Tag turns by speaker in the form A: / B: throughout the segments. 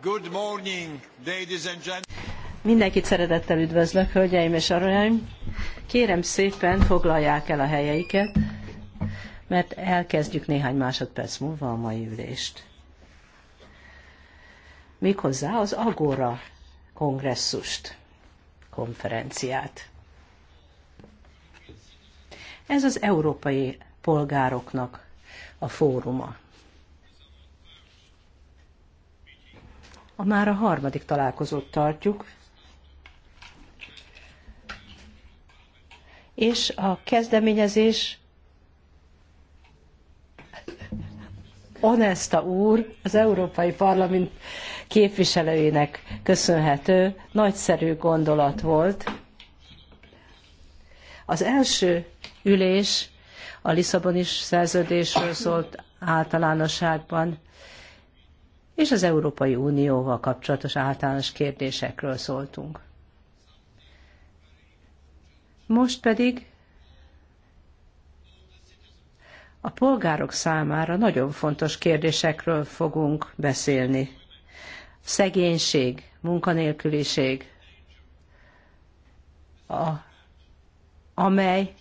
A: Good morning, ladies and
B: gentlemen. Mindenkit szeretettel üdvözlök, hölgyeim és uraim. Kérem szépen foglalják el a helyeiket, mert elkezdjük néhány másodperc múlva a mai ülést. Méghozzá az Agora kongresszust, konferenciát. Ez az európai polgároknak a fóruma. A már a harmadik találkozót tartjuk, és a kezdeményezés Onesta úr, az Európai Parlament képviselőinek köszönhető, nagyszerű gondolat volt. Az első ülés a Lisszaboni szerződésről szólt általánosságban, és az Európai Unióval kapcsolatos általános kérdésekről szóltunk. Most pedig a polgárok számára nagyon fontos kérdésekről fogunk beszélni. Szegénység, munkanélküliség, a, amely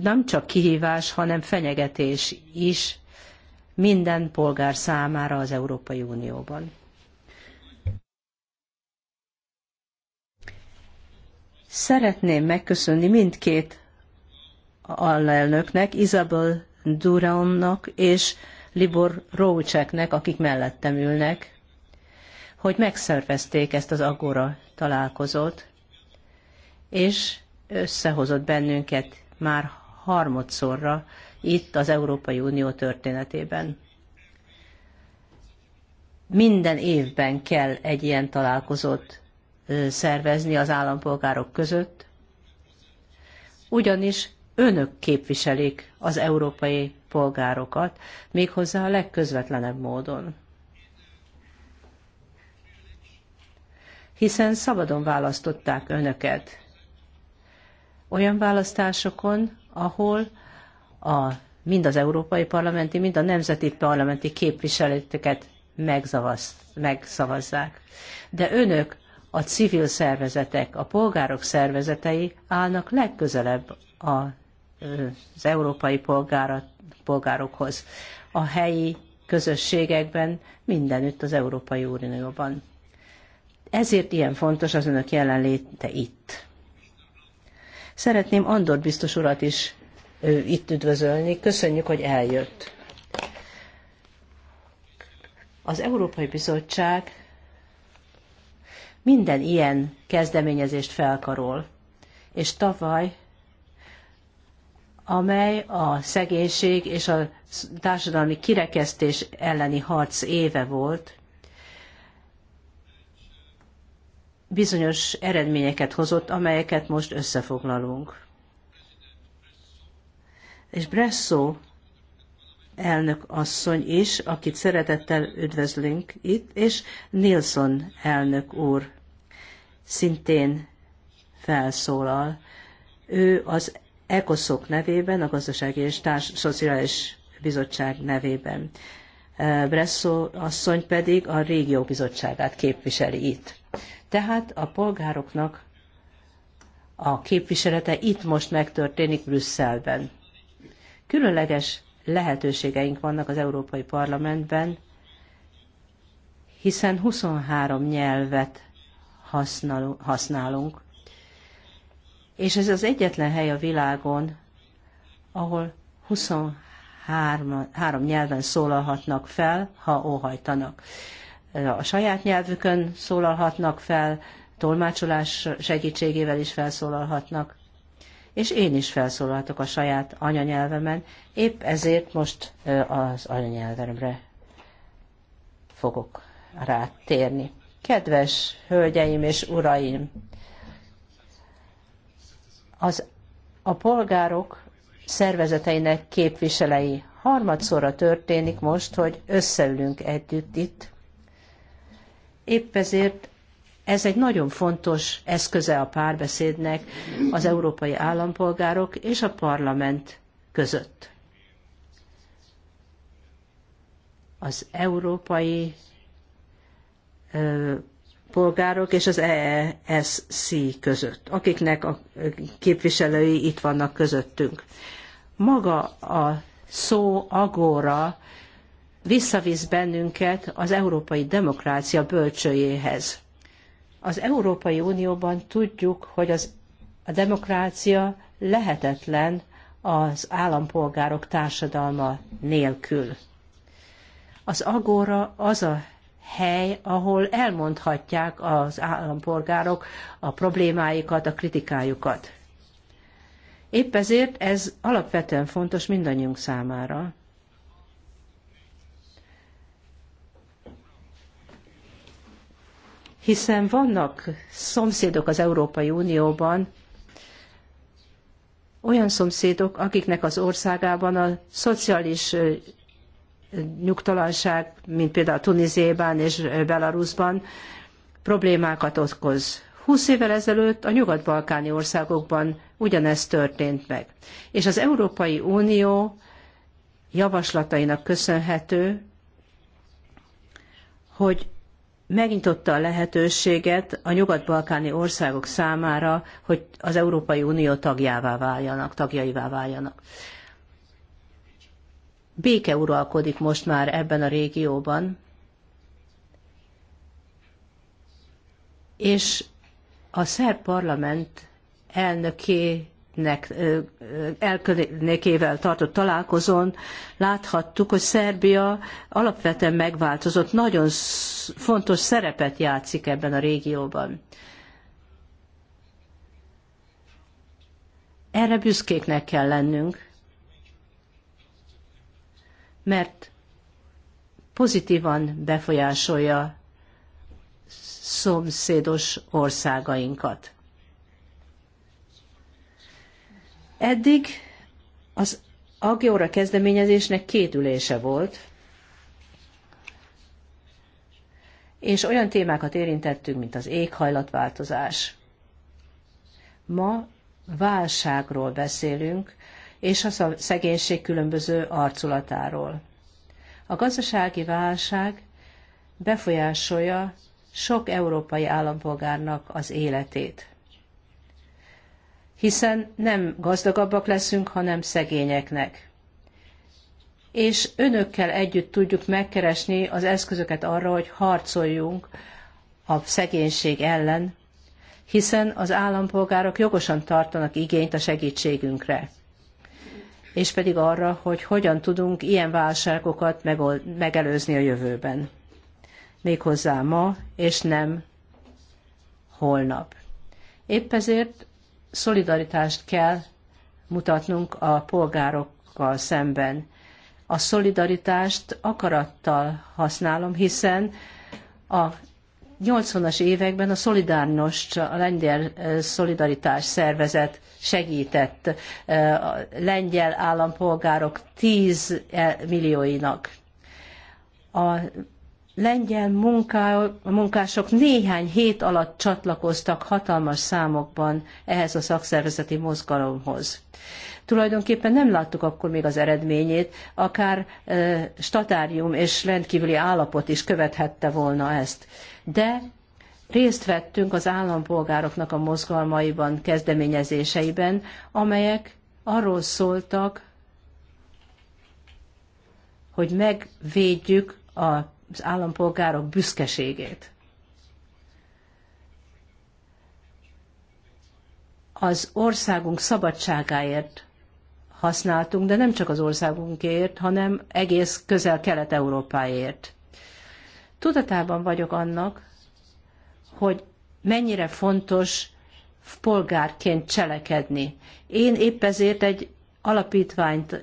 B: nem csak kihívás, hanem fenyegetés is minden polgár számára az Európai Unióban. Szeretném megköszönni mindkét alelnöknek, Isabel Durannak és Libor Rócseknek, akik mellettem ülnek, hogy megszervezték ezt az agora találkozót, és összehozott bennünket már harmadszorra itt az Európai Unió történetében. Minden évben kell egy ilyen találkozót szervezni az állampolgárok között, ugyanis önök képviselik az európai polgárokat, méghozzá a legközvetlenebb módon. Hiszen szabadon választották önöket. Olyan választásokon, ahol a, mind az európai parlamenti, mind a nemzeti parlamenti képviselőket megszavazzák. De önök, a civil szervezetek, a polgárok szervezetei állnak legközelebb a, az európai polgára, polgárokhoz. A helyi közösségekben, mindenütt az Európai Unióban. Ezért ilyen fontos az önök jelenléte itt. Szeretném Andor biztos urat is itt üdvözölni. Köszönjük, hogy eljött. Az Európai Bizottság minden ilyen kezdeményezést felkarol, és tavaly amely a szegénység és a társadalmi kirekesztés elleni harc éve volt, bizonyos eredményeket hozott, amelyeket most összefoglalunk és Bresso elnök asszony is, akit szeretettel üdvözlünk itt, és Nilsson elnök úr szintén felszólal. Ő az ECOSOC nevében, a Gazdasági és Társ Szociális Bizottság nevében. Bresso asszony pedig a Régió Bizottságát képviseli itt. Tehát a polgároknak a képviselete itt most megtörténik Brüsszelben. Különleges lehetőségeink vannak az Európai Parlamentben, hiszen 23 nyelvet használunk, és ez az egyetlen hely a világon, ahol 23 három nyelven szólalhatnak fel, ha óhajtanak. A saját nyelvükön szólalhatnak fel, tolmácsolás segítségével is felszólalhatnak és én is felszólaltok a saját anyanyelvemen, épp ezért most az anyanyelvemre fogok rátérni. Kedves hölgyeim és uraim! Az a polgárok szervezeteinek képviselei harmadszorra történik most, hogy összeülünk együtt itt. Épp ezért ez egy nagyon fontos eszköze a párbeszédnek az európai állampolgárok és a parlament között. Az európai polgárok és az EESC között, akiknek a képviselői itt vannak közöttünk. Maga a szó agora visszavisz bennünket az európai demokrácia bölcsőjéhez. Az Európai Unióban tudjuk, hogy az, a demokrácia lehetetlen az állampolgárok társadalma nélkül. Az agóra az a hely, ahol elmondhatják az állampolgárok a problémáikat, a kritikájukat. Épp ezért ez alapvetően fontos mindannyiunk számára. hiszen vannak szomszédok az Európai Unióban, olyan szomszédok, akiknek az országában a szociális nyugtalanság, mint például Tunizében és Belarusban problémákat okoz. Húsz évvel ezelőtt a nyugat-balkáni országokban ugyanezt történt meg. És az Európai Unió javaslatainak köszönhető, hogy megnyitotta a lehetőséget a nyugat-balkáni országok számára, hogy az Európai Unió tagjává váljanak, tagjaivá váljanak. Béke uralkodik most már ebben a régióban, és a szerb parlament elnöki elnöknek elkönékével tartott találkozón láthattuk, hogy Szerbia alapvetően megváltozott, nagyon fontos szerepet játszik ebben a régióban. Erre büszkéknek kell lennünk, mert pozitívan befolyásolja szomszédos országainkat. Eddig az Agióra kezdeményezésnek két ülése volt, és olyan témákat érintettünk, mint az éghajlatváltozás. Ma válságról beszélünk, és a szegénység különböző arculatáról. A gazdasági válság befolyásolja sok európai állampolgárnak az életét hiszen nem gazdagabbak leszünk, hanem szegényeknek. És önökkel együtt tudjuk megkeresni az eszközöket arra, hogy harcoljunk a szegénység ellen, hiszen az állampolgárok jogosan tartanak igényt a segítségünkre és pedig arra, hogy hogyan tudunk ilyen válságokat megelőzni a jövőben. Méghozzá ma, és nem holnap. Épp ezért szolidaritást kell mutatnunk a polgárokkal szemben. A szolidaritást akarattal használom, hiszen a 80-as években a Szolidárnost, a lengyel szolidaritás szervezet segített a lengyel állampolgárok 10 e, millióinak. A lengyel munká, munkások néhány hét alatt csatlakoztak hatalmas számokban ehhez a szakszervezeti mozgalomhoz. Tulajdonképpen nem láttuk akkor még az eredményét, akár e, statárium és rendkívüli állapot is követhette volna ezt. De részt vettünk az állampolgároknak a mozgalmaiban, kezdeményezéseiben, amelyek arról szóltak, hogy megvédjük a az állampolgárok büszkeségét. Az országunk szabadságáért használtunk, de nem csak az országunkért, hanem egész közel-kelet-európáért. Tudatában vagyok annak, hogy mennyire fontos polgárként cselekedni. Én épp ezért egy alapítványt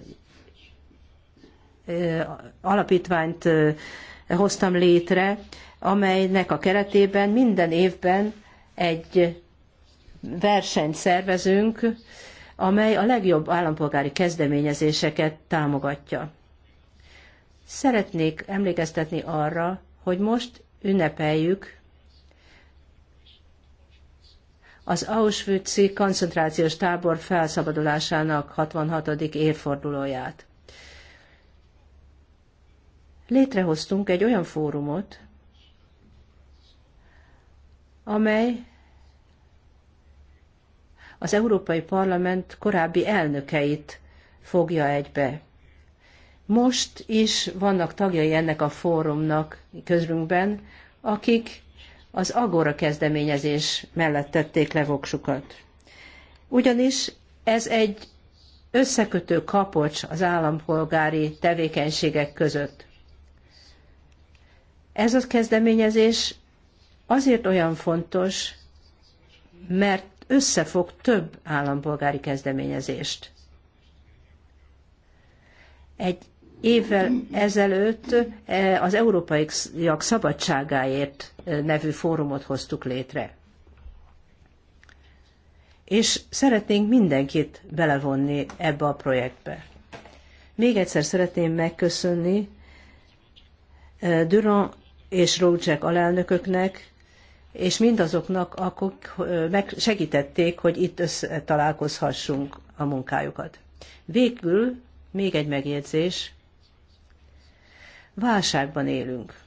B: alapítványt hoztam létre, amelynek a keretében minden évben egy versenyt szervezünk, amely a legjobb állampolgári kezdeményezéseket támogatja. Szeretnék emlékeztetni arra, hogy most ünnepeljük az Auschwitz-i koncentrációs tábor felszabadulásának 66. évfordulóját létrehoztunk egy olyan fórumot, amely az Európai Parlament korábbi elnökeit fogja egybe. Most is vannak tagjai ennek a fórumnak közünkben, akik az Agora kezdeményezés mellett tették le voksukat. Ugyanis ez egy összekötő kapocs az állampolgári tevékenységek között. Ez a kezdeményezés azért olyan fontos, mert összefog több állampolgári kezdeményezést. Egy évvel ezelőtt e, az Európaiak Szabadságáért e, nevű fórumot hoztuk létre. És szeretnénk mindenkit belevonni ebbe a projektbe. Még egyszer szeretném megköszönni e, Durand és Rócsek alelnököknek, és mindazoknak, akik segítették, hogy itt találkozhassunk a munkájukat. Végül még egy megjegyzés. Válságban élünk.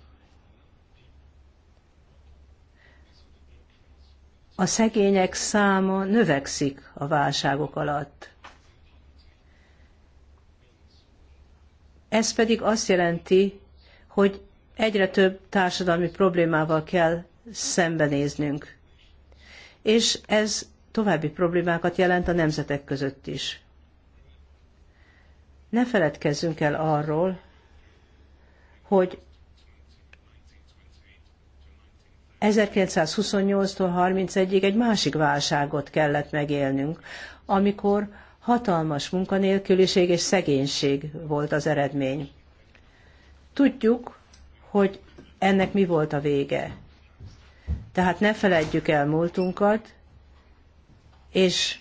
B: A szegények száma növekszik a válságok alatt. Ez pedig azt jelenti, hogy egyre több társadalmi problémával kell szembenéznünk. És ez további problémákat jelent a nemzetek között is. Ne feledkezzünk el arról, hogy 1928-tól 31-ig egy másik válságot kellett megélnünk, amikor hatalmas munkanélküliség és szegénység volt az eredmény. Tudjuk, hogy ennek mi volt a vége. Tehát ne feledjük el múltunkat, és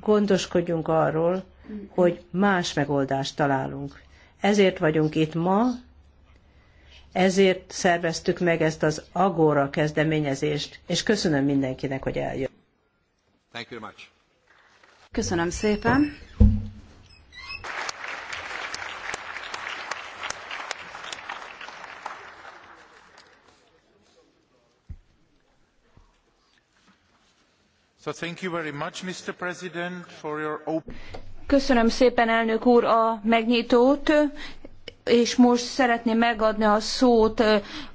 B: gondoskodjunk arról, hogy más megoldást találunk. Ezért vagyunk itt ma, ezért szerveztük meg ezt az Agora kezdeményezést, és köszönöm mindenkinek, hogy eljött. Köszönöm szépen.
A: Köszönöm szépen, elnök úr, a megnyitót, és most szeretném megadni a szót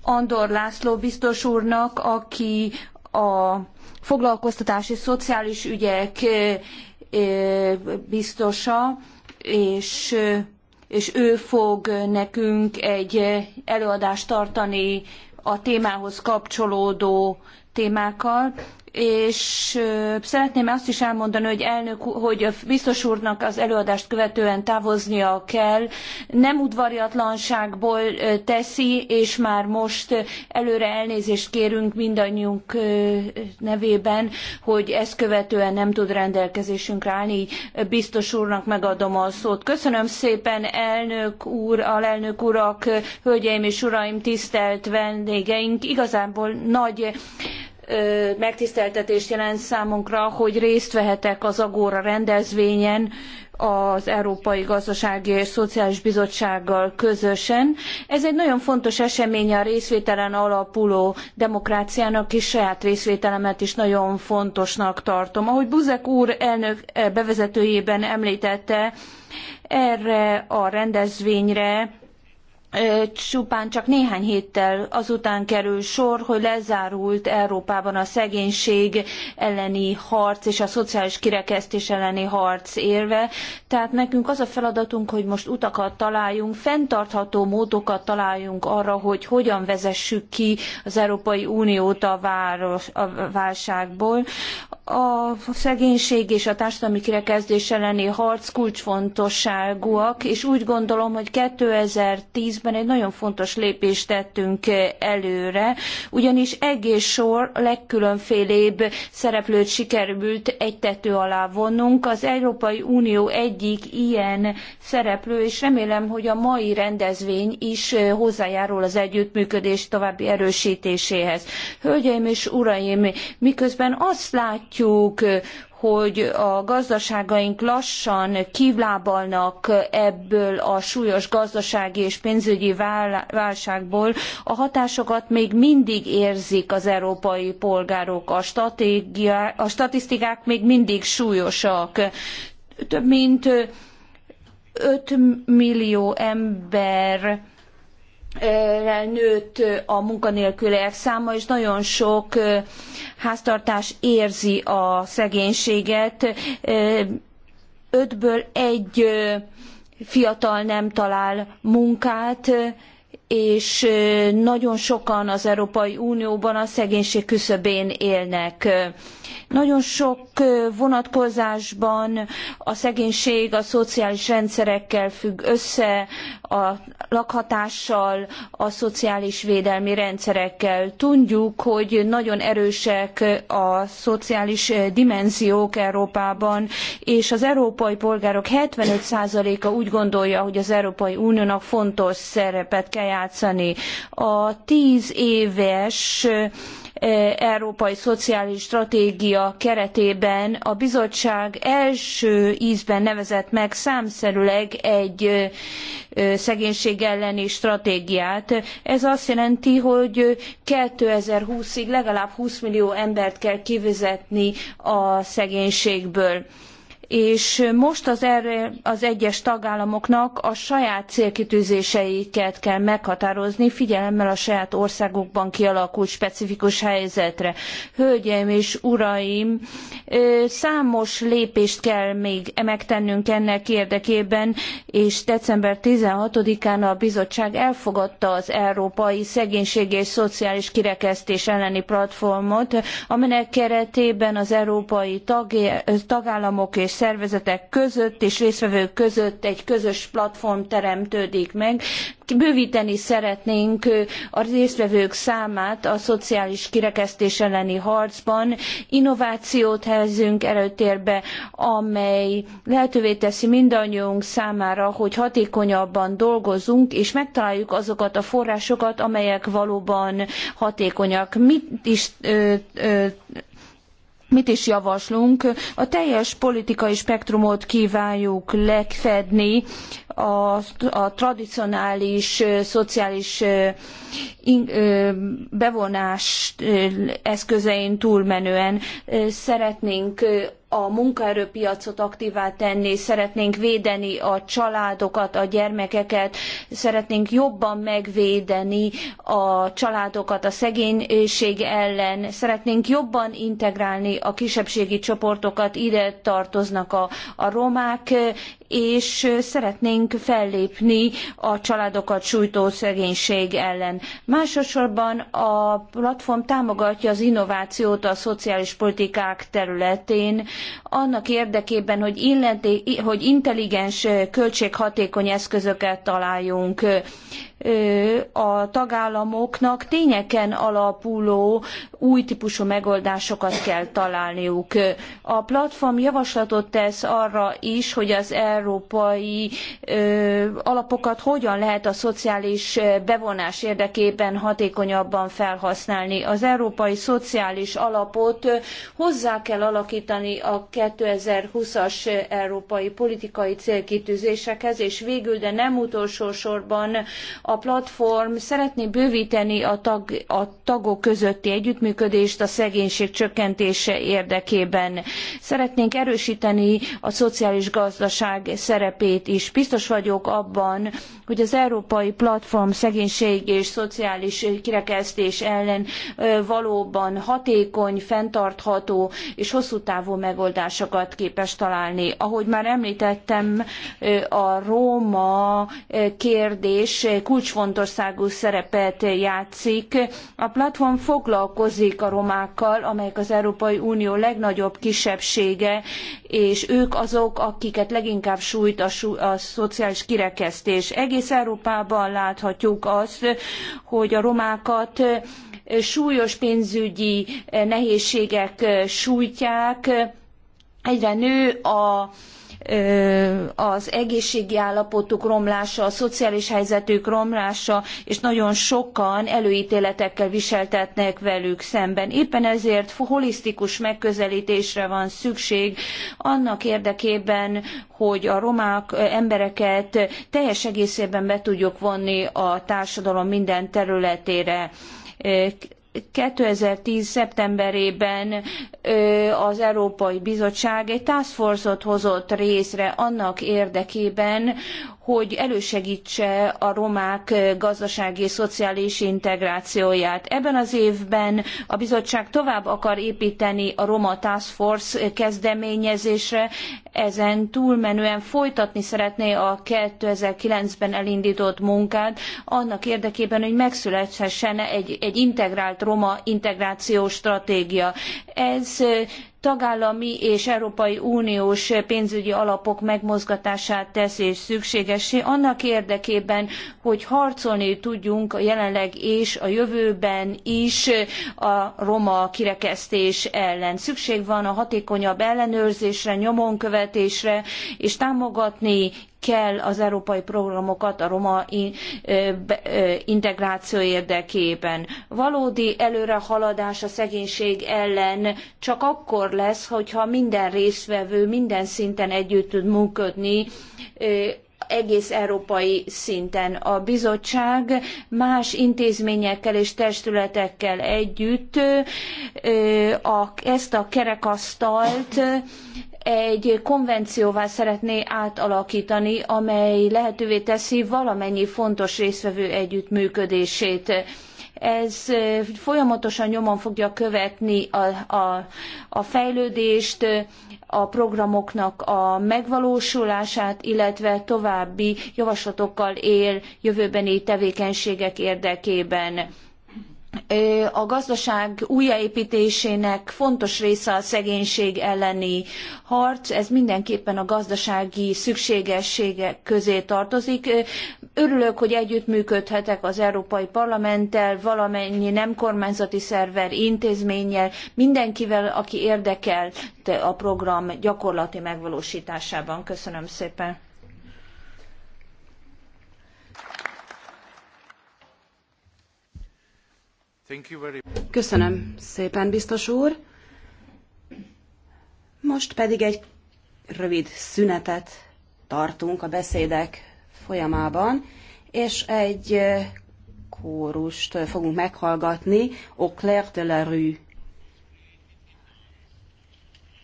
A: Andor László biztos úrnak, aki a foglalkoztatási szociális ügyek biztosa, és, és ő fog nekünk egy előadást tartani a témához kapcsolódó témákkal és szeretném azt is elmondani, hogy elnök, hogy a biztos úrnak az előadást követően távoznia kell. Nem udvariatlanságból teszi, és már most előre elnézést kérünk mindannyiunk nevében, hogy ezt követően nem tud rendelkezésünkre állni. Így biztos úrnak megadom a szót. Köszönöm szépen, elnök úr, alelnök urak, hölgyeim és uraim, tisztelt vendégeink. Igazából nagy megtiszteltetés jelent számunkra, hogy részt vehetek az Agóra rendezvényen az Európai Gazdasági és Szociális Bizottsággal közösen. Ez egy nagyon fontos eseménye a részvételen alapuló demokráciának, és saját részvételemet is nagyon fontosnak tartom. Ahogy Buzek úr elnök eh, bevezetőjében említette, erre a rendezvényre csupán csak néhány héttel azután kerül sor, hogy lezárult Európában a szegénység elleni harc és a szociális kirekesztés elleni harc érve. Tehát nekünk az a feladatunk, hogy most utakat találjunk, fenntartható módokat találjunk arra, hogy hogyan vezessük ki az Európai Uniót a, város, a válságból a szegénység és a társadalmi kirekesztés elleni harc kulcsfontosságúak, és úgy gondolom, hogy 2010-ben egy nagyon fontos lépést tettünk előre, ugyanis egész sor legkülönfélébb szereplőt sikerült egy tető alá vonnunk. Az Európai Unió egyik ilyen szereplő, és remélem, hogy a mai rendezvény is hozzájárul az együttműködés további erősítéséhez. Hölgyeim és uraim, miközben azt látjuk, látjuk, hogy a gazdaságaink lassan kivlábalnak ebből a súlyos gazdasági és pénzügyi válságból, a hatásokat még mindig érzik az európai polgárok. A, a statisztikák még mindig súlyosak. Több mint 5 millió ember nőtt a munkanélküliek száma, és nagyon sok háztartás érzi a szegénységet. Ötből egy fiatal nem talál munkát, és nagyon sokan az Európai Unióban a szegénység küszöbén élnek nagyon sok vonatkozásban a szegénység a szociális rendszerekkel függ össze, a lakhatással, a szociális védelmi rendszerekkel. Tudjuk, hogy nagyon erősek a szociális dimenziók Európában, és az európai polgárok 75%-a úgy gondolja, hogy az Európai Uniónak fontos szerepet kell játszani. A tíz éves E, európai szociális stratégia keretében a bizottság első ízben nevezett meg számszerűleg egy e, e, szegénység elleni stratégiát. Ez azt jelenti, hogy 2020-ig legalább 20 millió embert kell kivezetni a szegénységből és most az, erre, az egyes tagállamoknak a saját célkitűzéseiket kell meghatározni, figyelemmel a saját országukban kialakult specifikus helyzetre. Hölgyeim és uraim, számos lépést kell még megtennünk ennek érdekében, és december 16-án a bizottság elfogadta az Európai Szegénység és Szociális Kirekesztés elleni platformot, amelynek keretében az európai tag, tagállamok és szervezetek között és résztvevők között egy közös platform teremtődik meg. Bővíteni szeretnénk a résztvevők számát a szociális kirekesztés elleni harcban. Innovációt helyezünk előtérbe, amely lehetővé teszi mindannyiunk számára, hogy hatékonyabban dolgozunk, és megtaláljuk azokat a forrásokat, amelyek valóban hatékonyak. Mit is ö, ö, Mit is javaslunk? A teljes politikai spektrumot kívánjuk lefedni a, a tradicionális szociális bevonás eszközein túlmenően. Szeretnénk a munkaerőpiacot aktívá tenni, szeretnénk védeni a családokat, a gyermekeket, szeretnénk jobban megvédeni a családokat a szegénység ellen, szeretnénk jobban integrálni a kisebbségi csoportokat, ide tartoznak a, a romák és szeretnénk fellépni a családokat sújtó szegénység ellen. Másodszorban a platform támogatja az innovációt a szociális politikák területén, annak érdekében, hogy, illeti, hogy intelligens, költséghatékony eszközöket találjunk a tagállamoknak tényeken alapuló új típusú megoldásokat kell találniuk. A platform javaslatot tesz arra is, hogy az európai alapokat hogyan lehet a szociális bevonás érdekében hatékonyabban felhasználni. Az európai szociális alapot hozzá kell alakítani a 2020-as európai politikai célkitűzésekhez, és végül, de nem utolsó sorban a platform szeretné bővíteni a, tag, a tagok közötti együttműködést a szegénység csökkentése érdekében. Szeretnénk erősíteni a szociális gazdaság szerepét is. Biztos vagyok abban, hogy az Európai Platform szegénység és szociális kirekesztés ellen valóban hatékony, fenntartható és hosszú távú megoldásokat képes találni. Ahogy már említettem, a Róma kérdés kulcs kulcsfontosságú szerepet játszik. A platform foglalkozik a romákkal, amelyek az Európai Unió legnagyobb kisebbsége, és ők azok, akiket leginkább sújt a, a szociális kirekesztés. Egész Európában láthatjuk azt, hogy a romákat súlyos pénzügyi nehézségek sújtják, egyre nő a az egészségi állapotuk romlása, a szociális helyzetük romlása, és nagyon sokan előítéletekkel viseltetnek velük szemben. Éppen ezért holisztikus megközelítésre van szükség annak érdekében, hogy a romák embereket teljes egészében be tudjuk vonni a társadalom minden területére 2010. szeptemberében az Európai Bizottság egy task force-ot hozott részre annak érdekében, hogy elősegítse a romák gazdasági és szociális integrációját. Ebben az évben a bizottság tovább akar építeni a Roma Task Force kezdeményezésre, ezen túlmenően folytatni szeretné a 2009-ben elindított munkát, annak érdekében, hogy megszülethessen egy, egy integrált roma integrációs stratégia. Ez tagállami és Európai Uniós pénzügyi alapok megmozgatását teszi szükségessé annak érdekében, hogy harcolni tudjunk a jelenleg és a jövőben is a roma kirekesztés ellen. Szükség van a hatékonyabb ellenőrzésre, nyomon követésre, és támogatni kell az európai programokat a roma integráció érdekében. Valódi előrehaladás a szegénység ellen csak akkor lesz, hogyha minden résztvevő minden szinten együtt tud működni egész európai szinten. A bizottság más intézményekkel és testületekkel együtt ezt a kerekasztalt egy konvencióvá szeretné átalakítani, amely lehetővé teszi valamennyi fontos résztvevő együttműködését ez folyamatosan nyomon fogja követni a, a, a fejlődést, a programoknak a megvalósulását, illetve további javaslatokkal él jövőbeni tevékenységek érdekében a gazdaság újjáépítésének fontos része a szegénység elleni harc, ez mindenképpen a gazdasági szükségességek közé tartozik. Örülök, hogy együttműködhetek az Európai Parlamenttel, valamennyi nem kormányzati szerver, intézménnyel, mindenkivel, aki érdekel a program gyakorlati megvalósításában. Köszönöm szépen.
C: Köszönöm
D: szépen, biztos úr. Most pedig egy rövid szünetet tartunk a beszédek folyamában, és egy kórust fogunk meghallgatni, Au Clair de la Rue.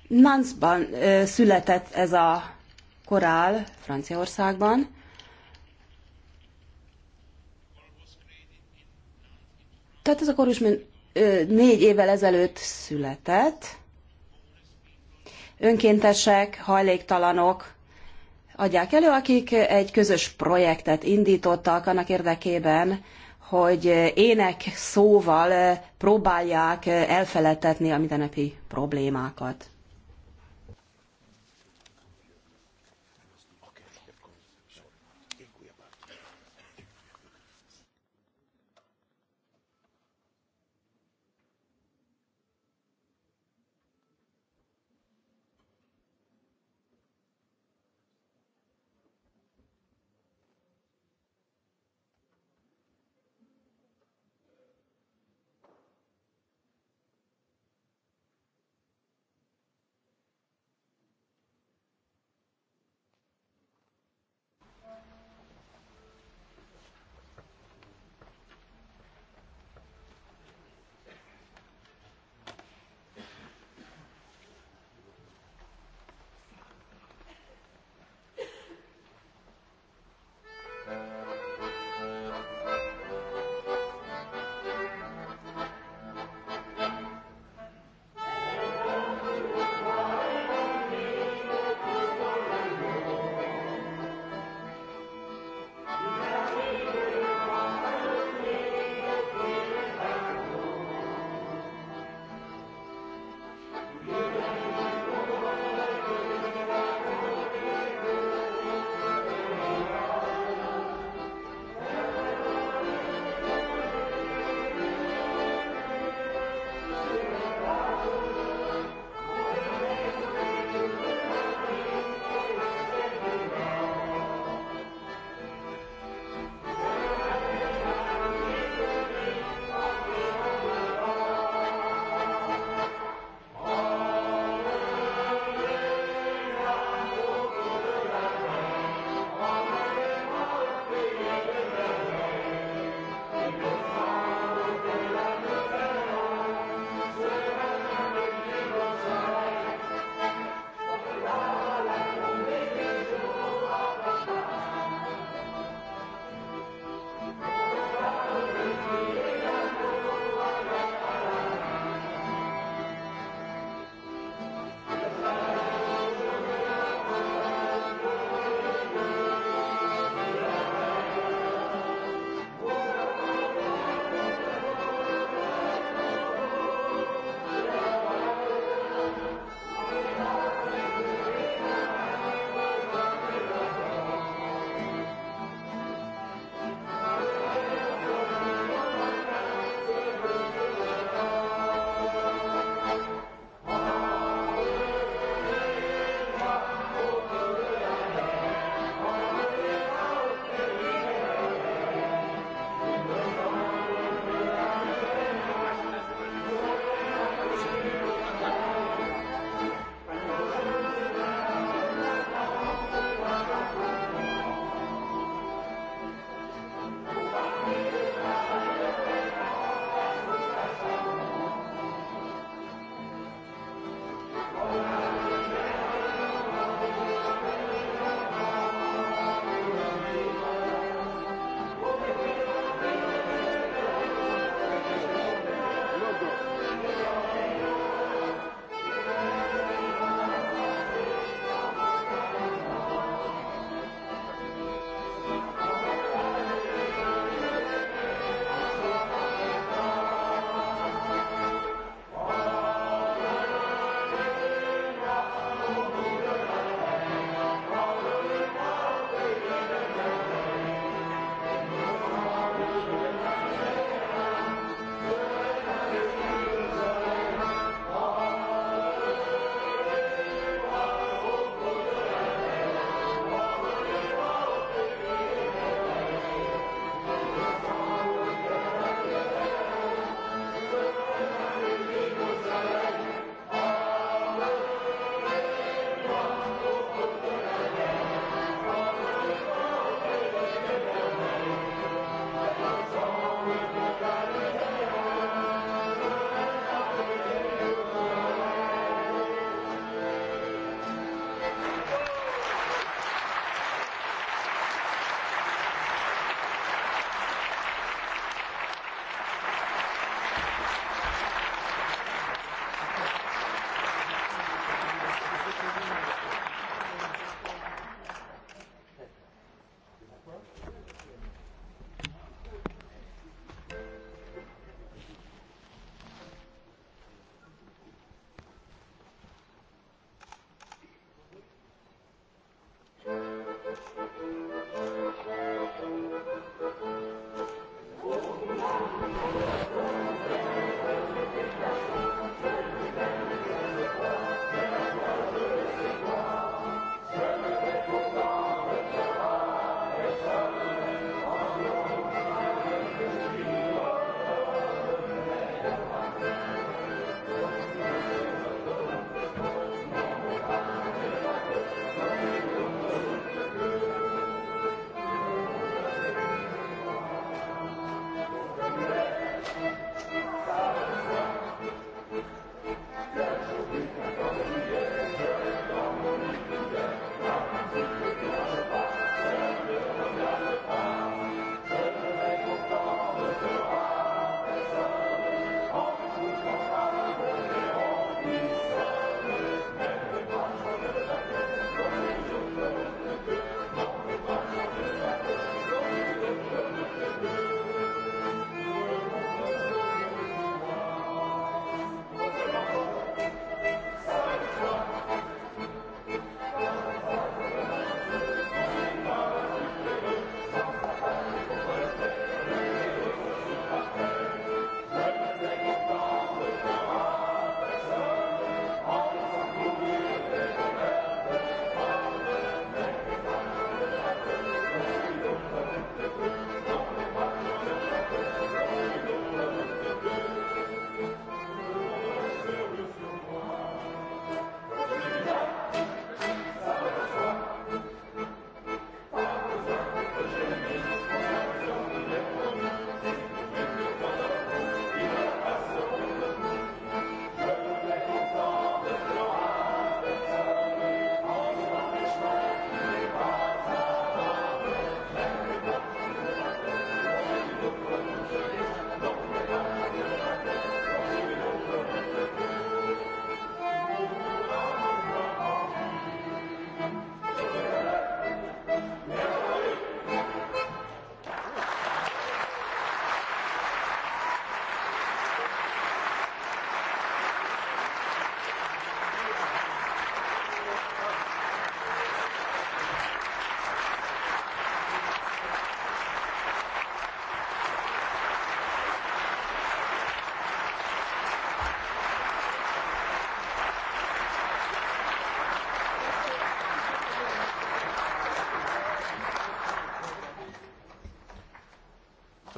D: Nanzban született ez a korál Franciaországban, Tehát ez a korus négy évvel ezelőtt született. Önkéntesek, hajléktalanok, adják elő, akik egy közös projektet indítottak annak érdekében, hogy ének szóval próbálják elfeledtetni a mindennapi problémákat.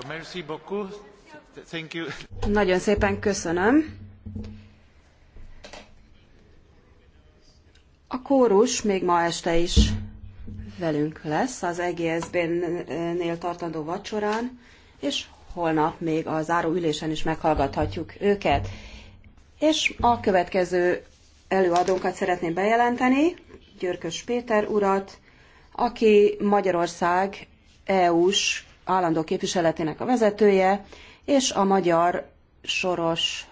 C: Merci beaucoup. Thank you.
D: Nagyon szépen köszönöm. A kórus még ma este is velünk lesz az EGSB-nél tartandó vacsorán, és holnap még a záró ülésen is meghallgathatjuk őket. És a következő előadónkat szeretném bejelenteni, Györkös Péter urat, aki Magyarország EU-s állandó képviseletének a vezetője, és a magyar soros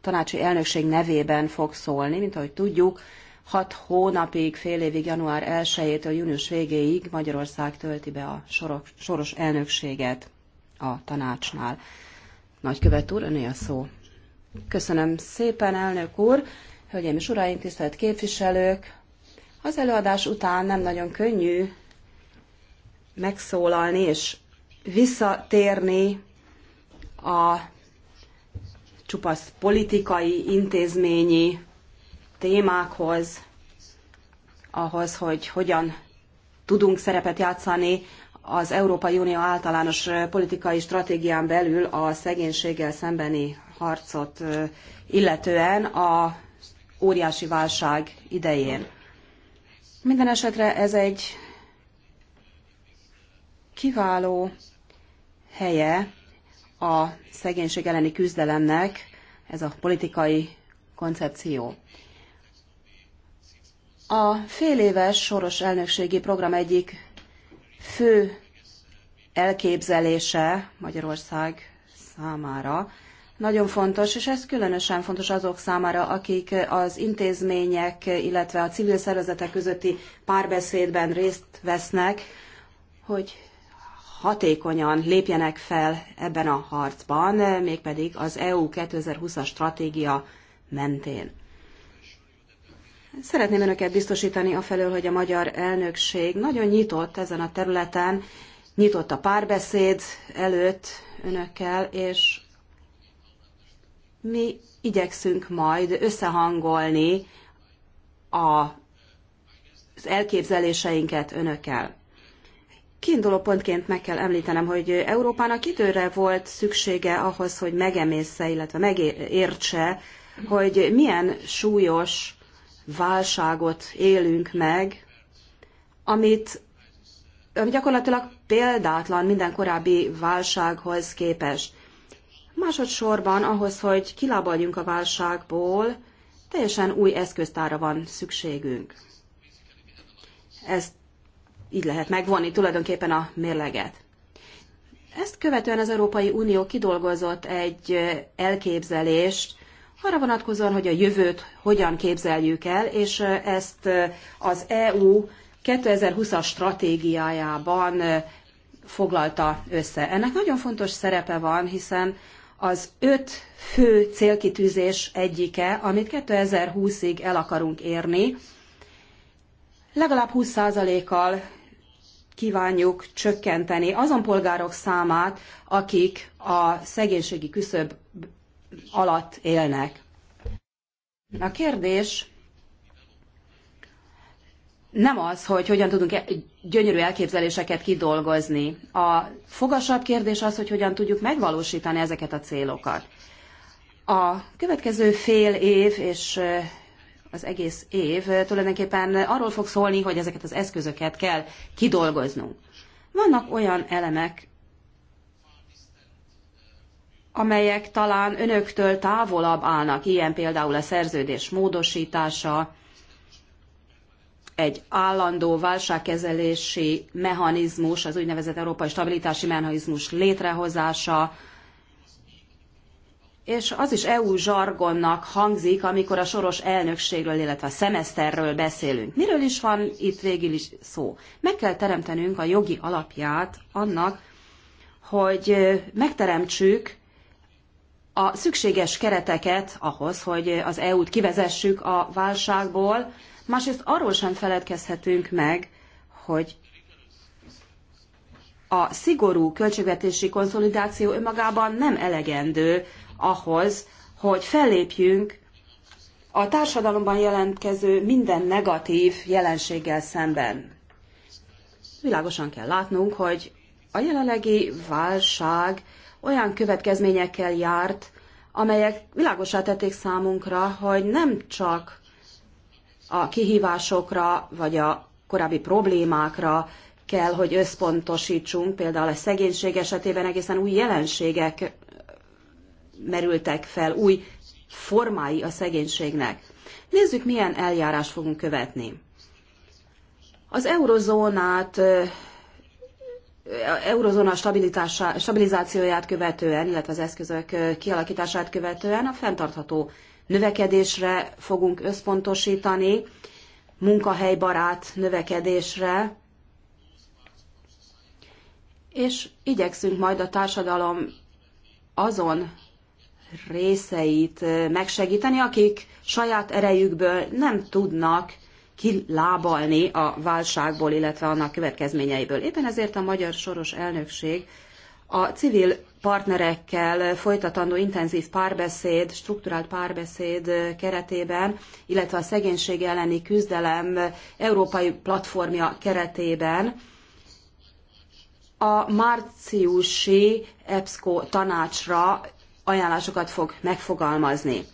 D: tanácsi elnökség nevében fog szólni, mint ahogy tudjuk, hat hónapig, fél évig, január 1-től június végéig Magyarország tölti be a soros, soros elnökséget a tanácsnál. Nagykövet úr, öné a szó. Köszönöm szépen, elnök úr, hölgyeim és uraim, tisztelt képviselők! Az előadás után nem nagyon könnyű megszólalni és visszatérni a csupasz politikai, intézményi témákhoz, ahhoz, hogy hogyan tudunk szerepet játszani az Európai Unió általános politikai stratégián belül a szegénységgel szembeni harcot illetően a óriási válság idején. Minden esetre ez egy kiváló helye a szegénység elleni küzdelemnek ez a politikai koncepció. A féléves soros elnökségi program egyik fő elképzelése Magyarország számára nagyon fontos, és ez különösen fontos azok számára, akik az intézmények, illetve a civil szervezetek közötti párbeszédben részt vesznek, hogy hatékonyan lépjenek fel ebben a harcban, mégpedig az EU 2020-as stratégia mentén. Szeretném önöket biztosítani a felől, hogy a magyar elnökség nagyon nyitott ezen a területen, nyitott a párbeszéd előtt önökkel, és mi igyekszünk majd összehangolni a, az elképzeléseinket önökkel kiinduló pontként meg kell említenem, hogy Európának időre volt szüksége ahhoz, hogy megemészse, illetve megértse, hogy milyen súlyos válságot élünk meg, amit ami gyakorlatilag példátlan minden korábbi válsághoz képes. Másodszorban ahhoz, hogy kilábaljunk a válságból, teljesen új eszköztára van szükségünk. Ezt így lehet megvonni tulajdonképpen a mérleget. Ezt követően az Európai Unió kidolgozott egy elképzelést arra vonatkozóan, hogy a jövőt hogyan képzeljük el, és ezt az EU 2020-as stratégiájában foglalta össze. Ennek nagyon fontos szerepe van, hiszen az öt fő célkitűzés egyike, amit 2020-ig el akarunk érni, legalább 20%-kal kívánjuk csökkenteni azon polgárok számát, akik a szegénységi küszöb alatt élnek. A kérdés nem az, hogy hogyan tudunk e- gyönyörű elképzeléseket kidolgozni. A fogasabb kérdés az, hogy hogyan tudjuk megvalósítani ezeket a célokat. A következő fél év és az egész év tulajdonképpen arról fog szólni, hogy ezeket az eszközöket kell kidolgoznunk. Vannak olyan elemek, amelyek talán önöktől távolabb állnak, ilyen például a szerződés módosítása, egy állandó válságkezelési mechanizmus, az úgynevezett európai stabilitási mechanizmus létrehozása, és az is EU zsargonnak hangzik, amikor a soros elnökségről, illetve a szemeszterről beszélünk. Miről is van itt végül is szó? Meg kell teremtenünk a jogi alapját annak, hogy megteremtsük a szükséges kereteket ahhoz, hogy az EU-t kivezessük a válságból, másrészt arról sem feledkezhetünk meg, hogy a szigorú költségvetési konszolidáció önmagában nem elegendő ahhoz, hogy fellépjünk a társadalomban jelentkező minden negatív jelenséggel szemben. Világosan kell látnunk, hogy a jelenlegi válság olyan következményekkel járt, amelyek világosá tették számunkra, hogy nem csak a kihívásokra vagy a korábbi problémákra kell, hogy összpontosítsunk, például a szegénység esetében egészen új jelenségek merültek fel, új formái a szegénységnek. Nézzük, milyen eljárást fogunk követni. Az eurozónát, eurozóna stabilizációját követően, illetve az eszközök kialakítását követően a fenntartható növekedésre fogunk összpontosítani, munkahelybarát növekedésre, és igyekszünk majd a társadalom azon részeit eh, megsegíteni, akik saját erejükből nem tudnak kilábalni a válságból, illetve annak következményeiből. Éppen ezért a magyar soros elnökség a civil partnerekkel folytatandó intenzív párbeszéd, strukturált párbeszéd keretében, illetve a szegénység elleni küzdelem európai platformja keretében a márciusi EBSCO tanácsra ajánlásokat fog megfogalmazni.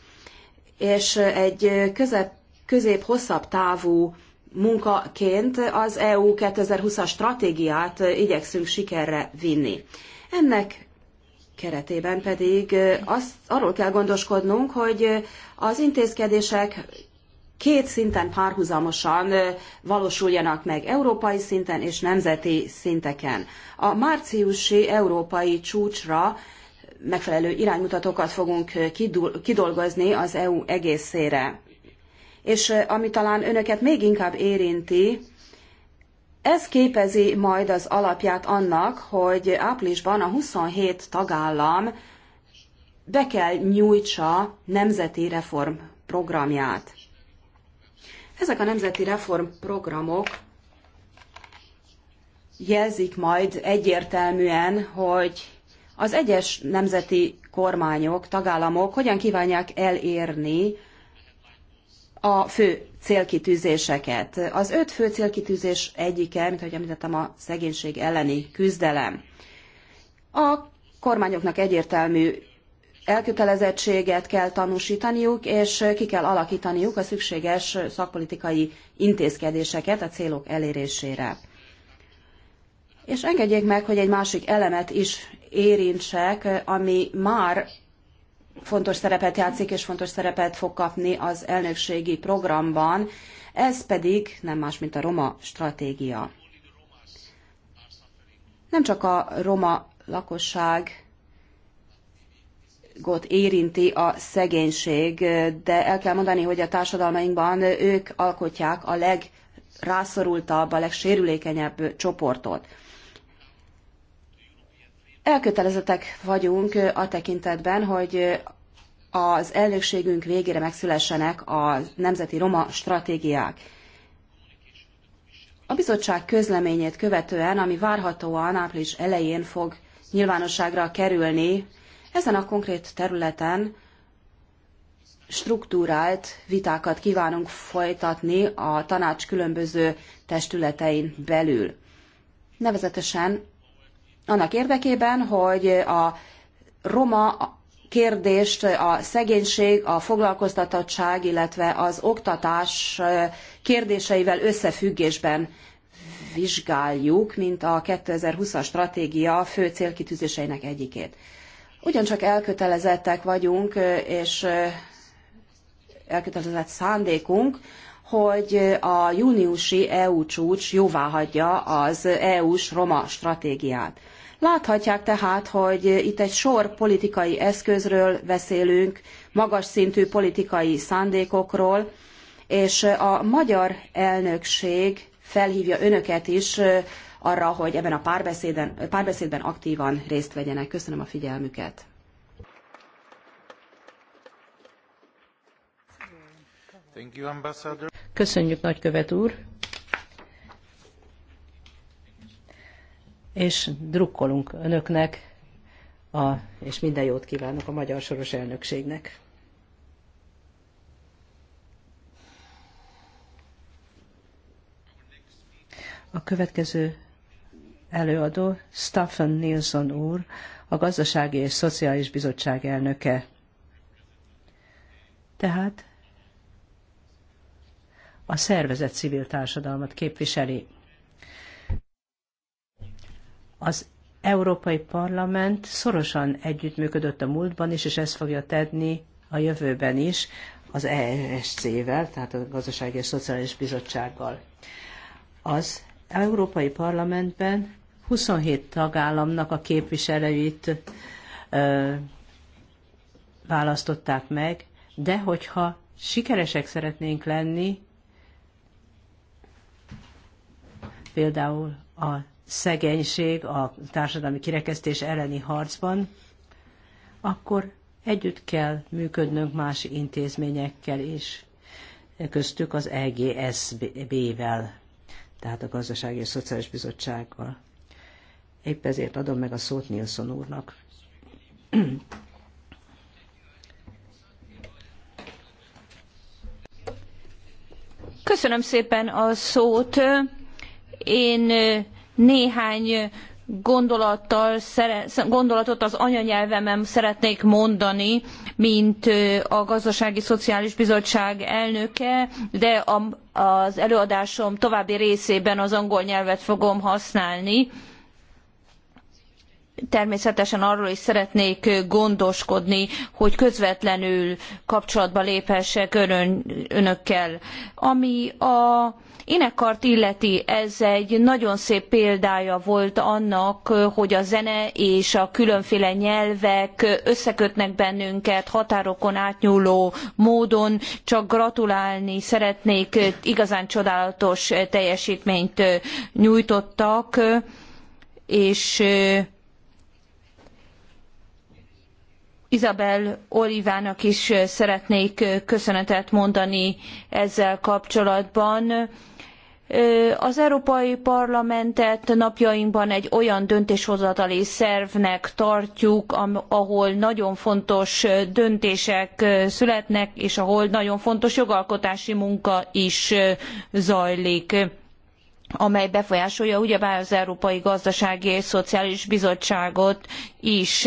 D: És egy közep, közép-hosszabb távú munkaként az EU 2020-as stratégiát igyekszünk sikerre vinni. Ennek keretében pedig azt, arról kell gondoskodnunk, hogy az intézkedések két szinten párhuzamosan valósuljanak meg európai szinten és nemzeti szinteken. A márciusi európai csúcsra megfelelő iránymutatókat fogunk kidolgozni az EU egészére. És ami talán önöket még inkább érinti, ez képezi majd az alapját annak, hogy áprilisban a 27 tagállam be kell nyújtsa nemzeti reformprogramját. Ezek a nemzeti reformprogramok jelzik majd egyértelműen, hogy az egyes nemzeti kormányok, tagállamok hogyan kívánják elérni a fő célkitűzéseket. Az öt fő célkitűzés egyike, mint ahogy említettem, a szegénység elleni küzdelem. A kormányoknak egyértelmű elkötelezettséget kell tanúsítaniuk, és ki kell alakítaniuk a szükséges szakpolitikai intézkedéseket a célok elérésére. És engedjék meg, hogy egy másik elemet is érintsek, ami már fontos szerepet játszik és fontos szerepet fog kapni az elnökségi programban, ez pedig nem más, mint a roma stratégia. Nem csak a roma lakosság gott érinti a szegénység, de el kell mondani, hogy a társadalmainkban ők alkotják a legrászorultabb, a legsérülékenyebb csoportot. Elkötelezettek vagyunk a tekintetben, hogy az elnökségünk végére megszülessenek a nemzeti roma stratégiák. A bizottság közleményét követően, ami várhatóan április elején fog nyilvánosságra kerülni, ezen a konkrét területen struktúrált vitákat kívánunk folytatni a tanács különböző testületein belül. Nevezetesen annak érdekében, hogy a roma kérdést a szegénység, a foglalkoztatottság, illetve az oktatás kérdéseivel összefüggésben vizsgáljuk, mint a 2020-as stratégia fő célkitűzéseinek egyikét. Ugyancsak elkötelezettek vagyunk, és elkötelezett szándékunk, hogy a júniusi EU csúcs jóváhagyja az EU-s roma stratégiát. Láthatják tehát, hogy itt egy sor politikai eszközről beszélünk, magas szintű politikai szándékokról, és a magyar elnökség felhívja önöket is arra, hogy ebben a párbeszéden, párbeszédben aktívan részt vegyenek.
B: Köszönöm a figyelmüket. Köszönjük, nagykövet úr! és drukkolunk önöknek, a, és minden jót kívánok a magyar soros elnökségnek. A következő előadó Staffan Nilsson úr, a Gazdasági és Szociális Bizottság elnöke. Tehát a szervezet civil társadalmat képviseli. Az Európai Parlament szorosan együttműködött a múltban is, és ezt fogja tenni a jövőben is az ESC-vel, tehát a Gazdasági és Szociális Bizottsággal. Az Európai Parlamentben 27 tagállamnak a képviselőit ö, választották meg, de hogyha sikeresek szeretnénk lenni, például a szegénység, a társadalmi kirekesztés elleni harcban, akkor együtt kell működnünk más intézményekkel is, köztük az EGSB-vel, tehát a Gazdasági és Szociális Bizottsággal. Épp ezért adom meg a szót Nilsson úrnak.
A: Köszönöm szépen a szót. Én néhány gondolattal, gondolatot az anyanyelvemen szeretnék mondani, mint a Gazdasági Szociális Bizottság elnöke, de az előadásom további részében az angol nyelvet fogom használni természetesen arról is szeretnék gondoskodni, hogy közvetlenül kapcsolatba léphessek önökkel. Ami a inekart illeti, ez egy nagyon szép példája volt annak, hogy a zene és a különféle nyelvek összekötnek bennünket határokon átnyúló módon. Csak gratulálni szeretnék, igazán csodálatos teljesítményt nyújtottak, és Isabel Olivának is szeretnék köszönetet mondani ezzel kapcsolatban. Az Európai Parlamentet napjainkban egy olyan döntéshozatali szervnek tartjuk, ahol nagyon fontos döntések születnek, és ahol nagyon fontos jogalkotási munka is zajlik amely befolyásolja ugyebár az Európai Gazdasági és Szociális Bizottságot is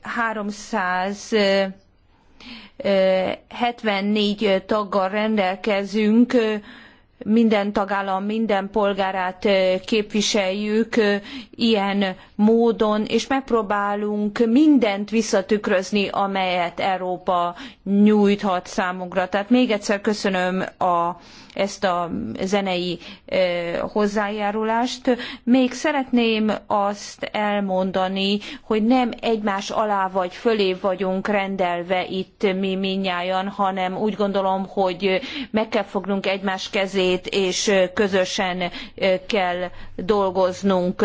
A: 374 taggal rendelkezünk, minden tagállam, minden polgárát képviseljük ilyen módon, és megpróbálunk mindent visszatükrözni, amelyet Európa nyújthat számunkra. Tehát még egyszer köszönöm a ezt a zenei hozzájárulást. Még szeretném azt elmondani, hogy nem egymás alá vagy fölé vagyunk rendelve itt mi minnyáján, hanem úgy gondolom, hogy meg kell fognunk egymás kezét, és közösen kell dolgoznunk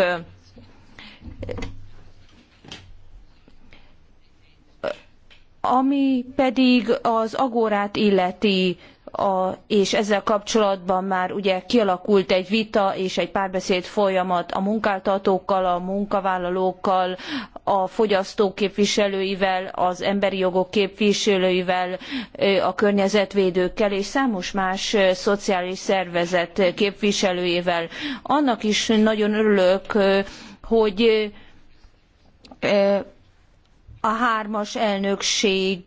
A: ami pedig az agórát illeti a, és ezzel kapcsolatban már ugye kialakult egy vita és egy párbeszéd folyamat a munkáltatókkal, a munkavállalókkal, a fogyasztók képviselőivel, az emberi jogok képviselőivel, a környezetvédőkkel és számos más szociális szervezet képviselőjével. Annak is nagyon örülök, hogy a hármas elnökség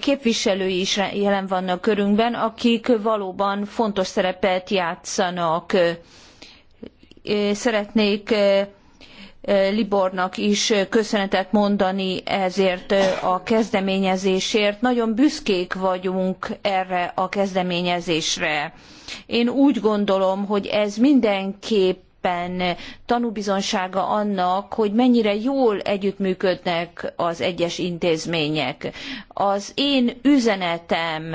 A: képviselői is jelen vannak körünkben, akik valóban fontos szerepet játszanak. Szeretnék Libornak is köszönetet mondani ezért a kezdeményezésért. Nagyon büszkék vagyunk erre a kezdeményezésre. Én úgy gondolom, hogy ez mindenképp éppen tanúbizonsága annak, hogy mennyire jól együttműködnek az egyes intézmények. Az én üzenetem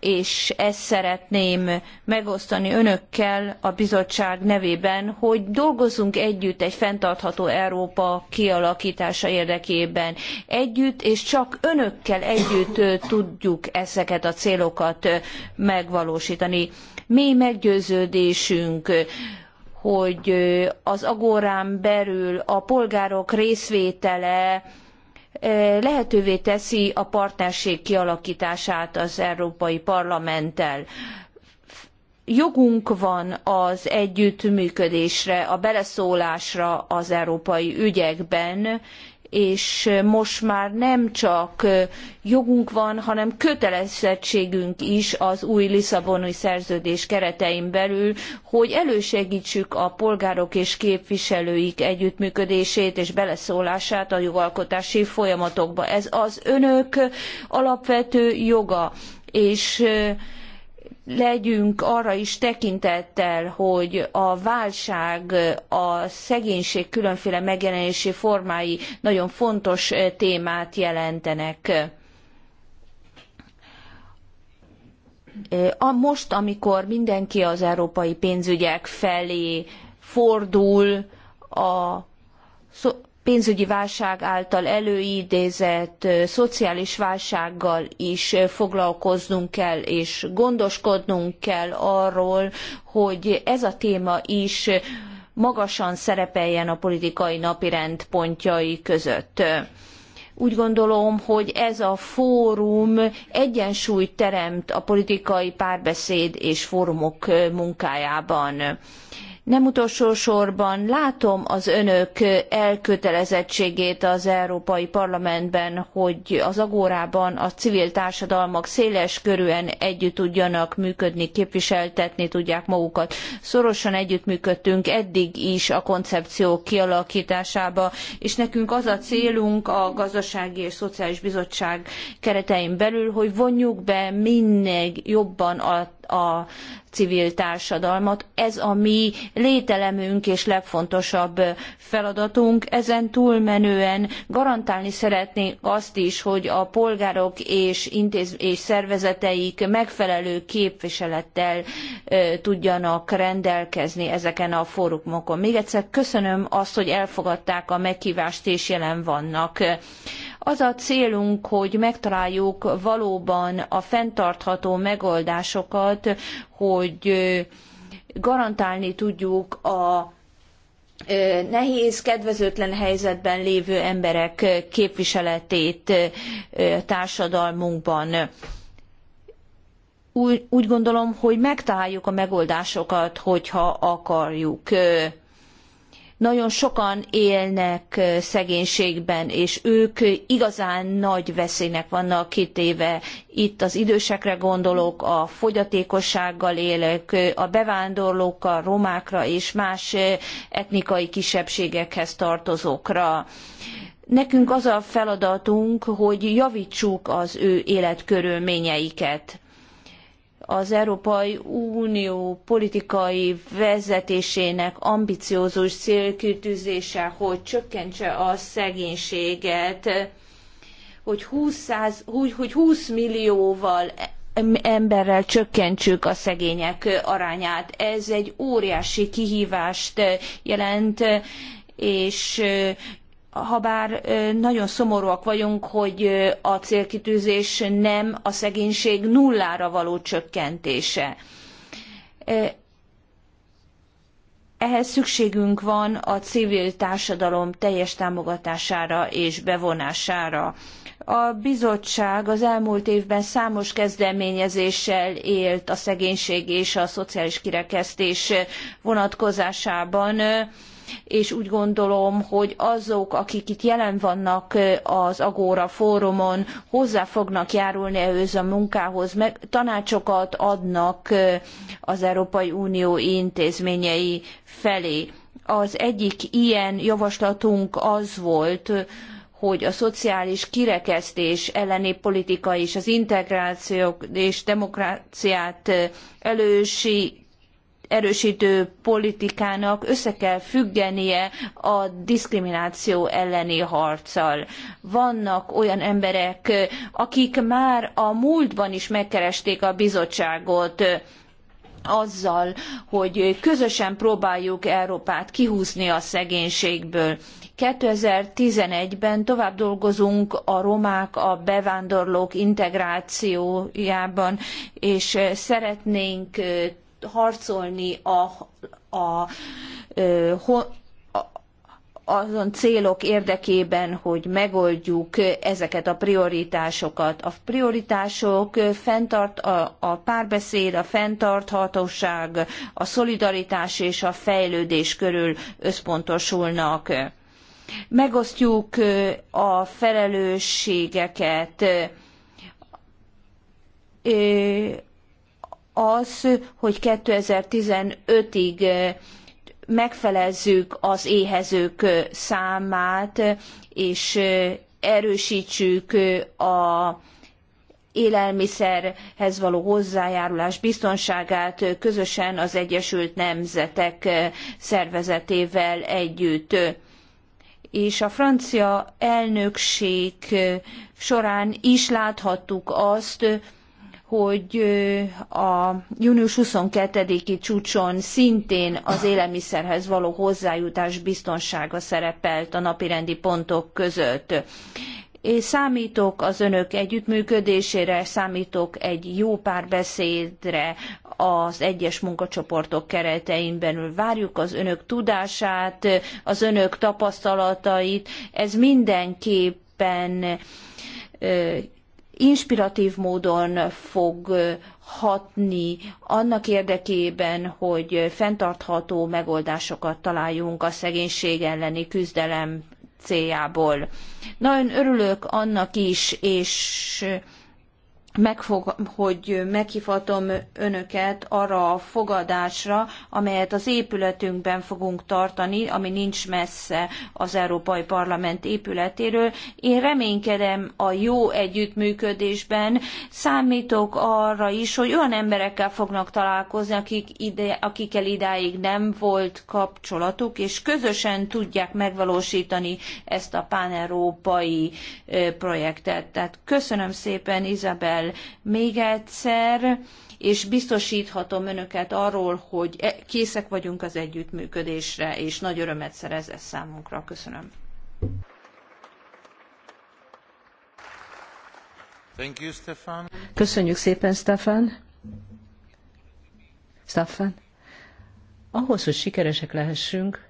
A: és ezt szeretném megosztani önökkel a bizottság nevében, hogy dolgozzunk együtt egy fenntartható Európa kialakítása érdekében. Együtt, és csak önökkel együtt tudjuk ezeket a célokat megvalósítani. Mély meggyőződésünk, hogy az agórán belül a polgárok részvétele lehetővé teszi a partnerség kialakítását az Európai Parlamenttel. Jogunk van az együttműködésre, a beleszólásra az európai ügyekben, és most már nem csak jogunk van, hanem kötelezettségünk is az új Lisszaboni szerződés keretein belül, hogy elősegítsük a polgárok és képviselőik együttműködését és beleszólását a jogalkotási folyamatokba. Ez az önök alapvető joga, és legyünk arra is tekintettel, hogy a válság, a szegénység különféle megjelenési formái nagyon fontos eh, témát jelentenek. Eh, most, amikor mindenki az európai pénzügyek felé fordul, a pénzügyi válság által előidézett szociális válsággal is foglalkoznunk kell, és gondoskodnunk kell arról, hogy ez a téma is magasan szerepeljen a politikai napirend pontjai között úgy gondolom, hogy ez a fórum egyensúlyt teremt a politikai párbeszéd és fórumok munkájában. Nem utolsó sorban látom az önök elkötelezettségét az Európai Parlamentben, hogy az agórában a civil társadalmak széles körűen együtt tudjanak működni, képviseltetni tudják magukat. Szorosan együttműködtünk eddig is a koncepció kialakításába, és nekünk az a célunk a Gazdasági és Szociális Bizottság keretein belül, hogy vonjuk be minél jobban a a civil társadalmat. Ez a mi lételemünk és legfontosabb feladatunk. Ezen túlmenően garantálni szeretnénk azt is, hogy a polgárok és, intéz- és szervezeteik megfelelő képviselettel tudjanak rendelkezni ezeken a fórumokon. Még egyszer köszönöm azt, hogy elfogadták a meghívást és jelen vannak. Az a célunk, hogy megtaláljuk valóban a fenntartható megoldásokat, hogy garantálni tudjuk a nehéz, kedvezőtlen helyzetben lévő emberek képviseletét társadalmunkban. Úgy, úgy gondolom, hogy megtaláljuk a megoldásokat, hogyha akarjuk. Nagyon sokan élnek szegénységben, és ők igazán nagy veszélynek vannak kitéve. Itt az idősekre gondolok, a fogyatékossággal élők, a a romákra és más etnikai kisebbségekhez tartozókra. Nekünk az a feladatunk, hogy javítsuk az ő életkörülményeiket az Európai Unió politikai vezetésének ambiciózus célkitűzése, hogy csökkentse a szegénységet, hogy 20, hogy, hogy 20 millióval emberrel csökkentsük a szegények arányát. Ez egy óriási kihívást jelent, és habár nagyon szomorúak vagyunk, hogy a célkitűzés nem a szegénység nullára való csökkentése. Ehhez szükségünk van a civil társadalom teljes támogatására és bevonására. A bizottság az elmúlt évben számos kezdeményezéssel élt a szegénység és a szociális kirekesztés vonatkozásában és úgy gondolom, hogy azok, akik itt jelen vannak az Agora fórumon, hozzá fognak járulni ehhez a munkához, meg tanácsokat adnak az Európai Unió intézményei felé. Az egyik ilyen javaslatunk az volt, hogy a szociális kirekesztés elleni politika és az integráció és demokráciát elősi erősítő politikának össze kell függenie a diszkrimináció elleni harccal. Vannak olyan emberek, akik már a múltban is megkeresték a bizottságot, azzal, hogy közösen próbáljuk Európát kihúzni a szegénységből. 2011-ben tovább dolgozunk a romák, a bevándorlók integrációjában, és szeretnénk harcolni a, a, a, azon célok érdekében, hogy megoldjuk ezeket a prioritásokat. A prioritások fenntart a, a párbeszéd, a fenntarthatóság, a szolidaritás és a fejlődés körül összpontosulnak. Megosztjuk a felelősségeket az, hogy 2015-ig eh, megfelezzük az éhezők eh, számát, és eh, erősítsük a élelmiszerhez való hozzájárulás biztonságát közösen az Egyesült Nemzetek szervezetével együtt. És a francia elnökség során is láthattuk azt, hogy a június 22-i csúcson szintén az élelmiszerhez való hozzájutás biztonsága szerepelt a napirendi pontok között. És számítok az önök együttműködésére, számítok egy jó párbeszédre az egyes munkacsoportok keretein belül. Várjuk az önök tudását, az önök tapasztalatait. Ez mindenképpen inspiratív módon fog hatni annak érdekében, hogy fenntartható megoldásokat találjunk a szegénység elleni küzdelem céljából. Nagyon örülök annak is, és megfog, hogy meghívhatom önöket arra a fogadásra, amelyet az épületünkben fogunk tartani, ami nincs messze az Európai Parlament épületéről. Én reménykedem a jó együttműködésben, számítok arra is, hogy olyan emberekkel fognak találkozni, akik ide, akikkel idáig nem volt kapcsolatuk, és közösen tudják megvalósítani ezt a páneurópai projektet. Tehát köszönöm szépen Izabel még egyszer, és biztosíthatom önöket arról, hogy e- készek vagyunk az együttműködésre, és nagy örömet szerez ez számunkra.
C: Köszönöm. You,
B: Köszönjük szépen, Stefan. Stefan. Ahhoz, hogy sikeresek lehessünk,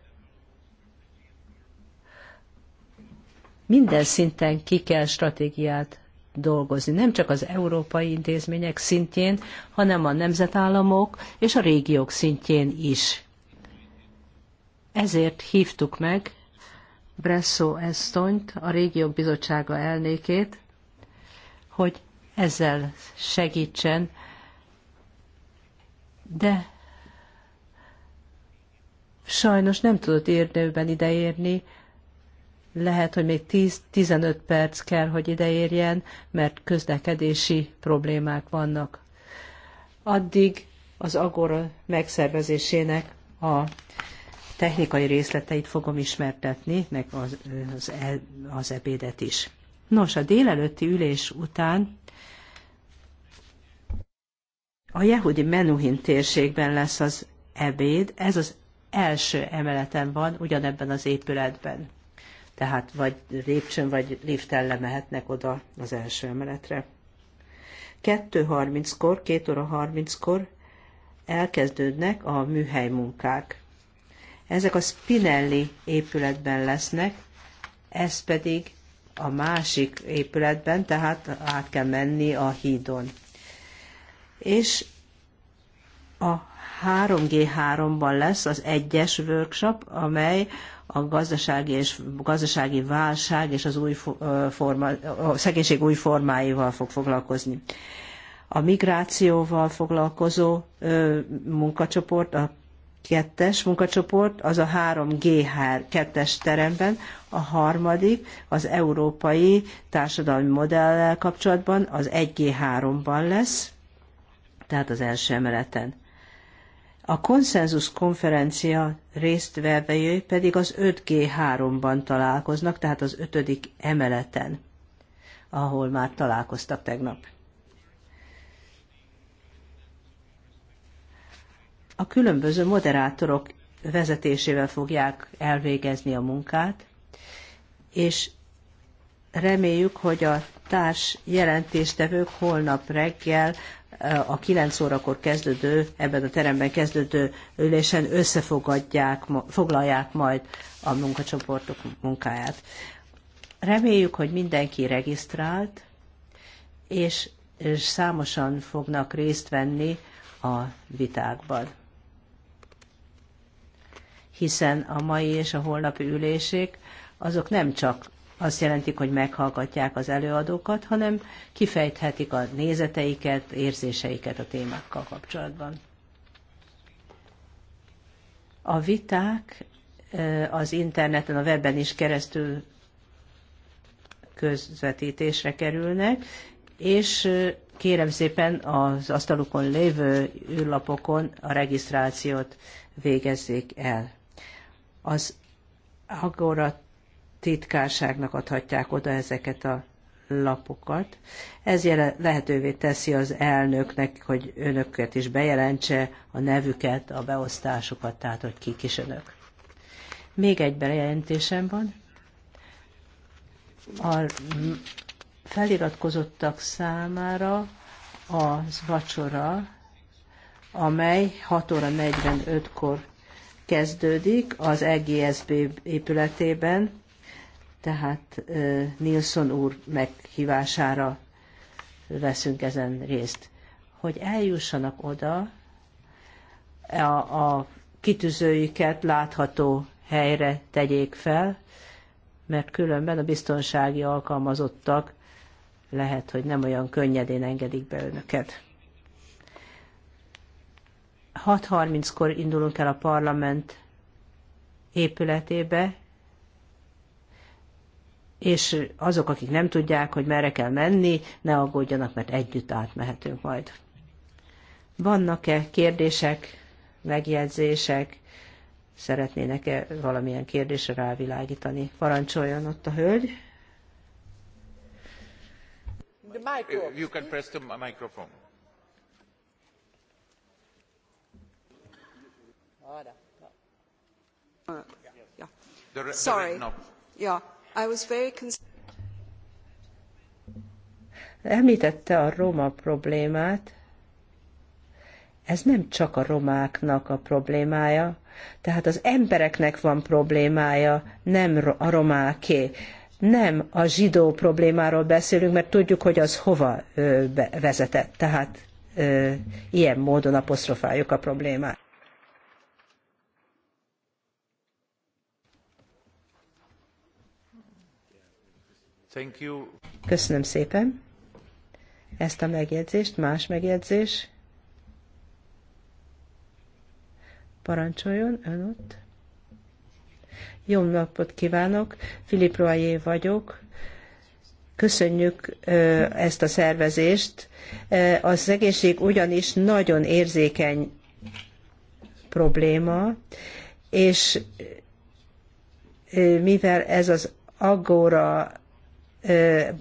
B: minden szinten ki kell stratégiát dolgozni, nem csak az európai intézmények szintjén, hanem a nemzetállamok és a régiók szintjén is. Ezért hívtuk meg Bresso Estonyt, a régiók bizottsága elnékét, hogy ezzel segítsen, de sajnos nem tudott érdőben ideérni, lehet, hogy még 10-15 perc kell, hogy ideérjen, mert közlekedési problémák vannak. Addig az Agora megszervezésének a technikai részleteit fogom ismertetni, meg az, az, e, az ebédet is. Nos, a délelőtti ülés után a Jehudi Menuhin térségben lesz az ebéd, ez az első emeleten van, ugyanebben az épületben tehát vagy lépcsőn, vagy lifttel lemehetnek oda az első emeletre. 2.30-kor, 2 óra 30-kor elkezdődnek a műhely munkák. Ezek a Spinelli épületben lesznek, ez pedig a másik épületben, tehát át kell menni a hídon. És a 3G3-ban lesz az egyes workshop, amely a gazdasági és gazdasági válság és az új forma, a szegénység új formáival fog foglalkozni. A migrációval foglalkozó munkacsoport, a kettes munkacsoport, az a 3G2 kettes teremben, a harmadik az európai társadalmi modellel kapcsolatban az 1G3-ban lesz, tehát az első emeleten. A konszenzus konferencia résztvevői pedig az 5G3-ban találkoznak, tehát az ötödik emeleten, ahol már találkoztak tegnap. A különböző moderátorok vezetésével fogják elvégezni a munkát, és reméljük, hogy a társ jelentéstevők holnap reggel a 9 órakor kezdődő, ebben a teremben kezdődő ülésen összefogadják, foglalják majd a munkacsoportok munkáját. Reméljük, hogy mindenki regisztrált, és, és számosan fognak részt venni a vitákban. Hiszen a mai és a holnapi ülések azok nem csak azt jelentik, hogy meghallgatják az előadókat, hanem kifejthetik a nézeteiket, érzéseiket a témákkal kapcsolatban. A viták az interneten, a webben is keresztül közvetítésre kerülnek, és kérem szépen az asztalukon lévő űrlapokon a regisztrációt végezzék el. Az Agora titkárságnak adhatják oda ezeket a lapokat. Ez lehetővé teszi az elnöknek, hogy önöket is bejelentse a nevüket, a beosztásukat, tehát hogy kik is önök. Még egy bejelentésem van. A feliratkozottak számára az vacsora, amely 6 óra 45-kor kezdődik az EGSB épületében, tehát Nilsson úr meghívására veszünk ezen részt. Hogy eljussanak oda, a, a kitűzőiket látható helyre tegyék fel, mert különben a biztonsági alkalmazottak lehet, hogy nem olyan könnyedén engedik be önöket. 6.30-kor indulunk el a parlament épületébe, és azok, akik nem tudják, hogy merre kell menni, ne aggódjanak, mert együtt átmehetünk majd. Vannak-e kérdések, megjegyzések? Szeretnének-e valamilyen kérdésre rávilágítani? Parancsoljon ott a hölgy.
C: The You can press the microphone. Sorry. Yeah.
B: Említette a roma problémát. Ez nem csak a romáknak a problémája, tehát az embereknek van problémája, nem a romáké. Nem a zsidó problémáról beszélünk, mert tudjuk, hogy az hova vezetett. Tehát ilyen módon apostrofáljuk a problémát. Thank you. Köszönöm szépen ezt a megjegyzést. Más megjegyzés? Parancsoljon ön ott. Jó napot kívánok, Filip Royer vagyok. Köszönjük ezt a szervezést. Az egészség ugyanis nagyon érzékeny probléma, és mivel ez az agóra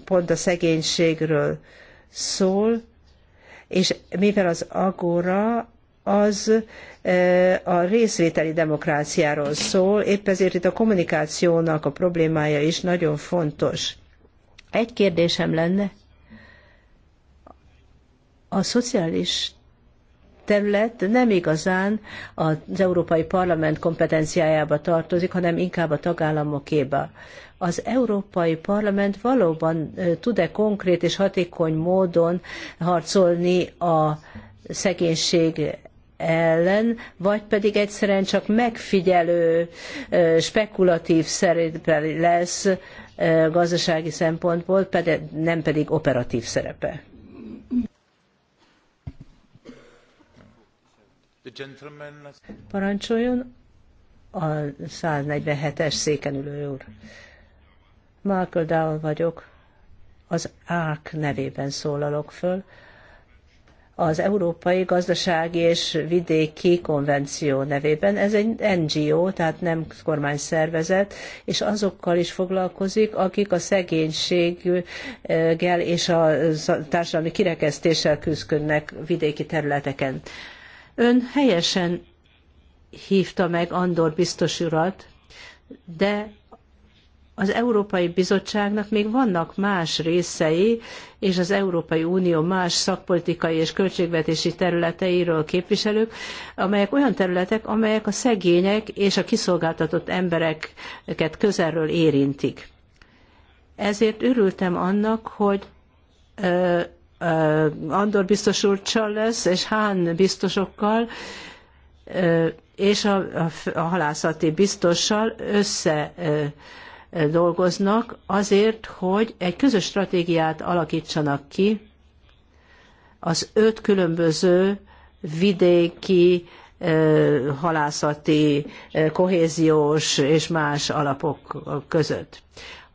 B: pont a szegénységről szól, és mivel az agora az a részvételi demokráciáról szól, épp ezért itt a kommunikációnak a problémája is nagyon fontos. Egy kérdésem lenne. A szociális terület nem igazán az Európai Parlament kompetenciájába tartozik, hanem inkább a tagállamokéba. Az Európai Parlament valóban tud-e konkrét és hatékony módon harcolni a szegénység ellen, vagy pedig egyszerűen csak megfigyelő, spekulatív szerepe lesz gazdasági szempontból, nem pedig operatív szerepe. Parancsoljon a 147-es széken ülő úr. Michael Down vagyok, az ÁK nevében szólalok föl. Az Európai Gazdasági és Vidéki Konvenció nevében. Ez egy NGO, tehát nem kormány szervezet, és azokkal is foglalkozik, akik a szegénységgel és a társadalmi kirekesztéssel küzdködnek vidéki területeken. Ön helyesen hívta meg Andor biztos urat, de az Európai Bizottságnak még vannak más részei, és az Európai Unió más szakpolitikai és költségvetési területeiről képviselők, amelyek olyan területek, amelyek a szegények és a kiszolgáltatott embereket közelről érintik. Ezért örültem annak, hogy Andor biztos úrcsal lesz, és Hán biztosokkal, és a, a halászati biztossal össze dolgoznak azért, hogy egy közös stratégiát alakítsanak ki az öt különböző vidéki, halászati, kohéziós és más alapok között,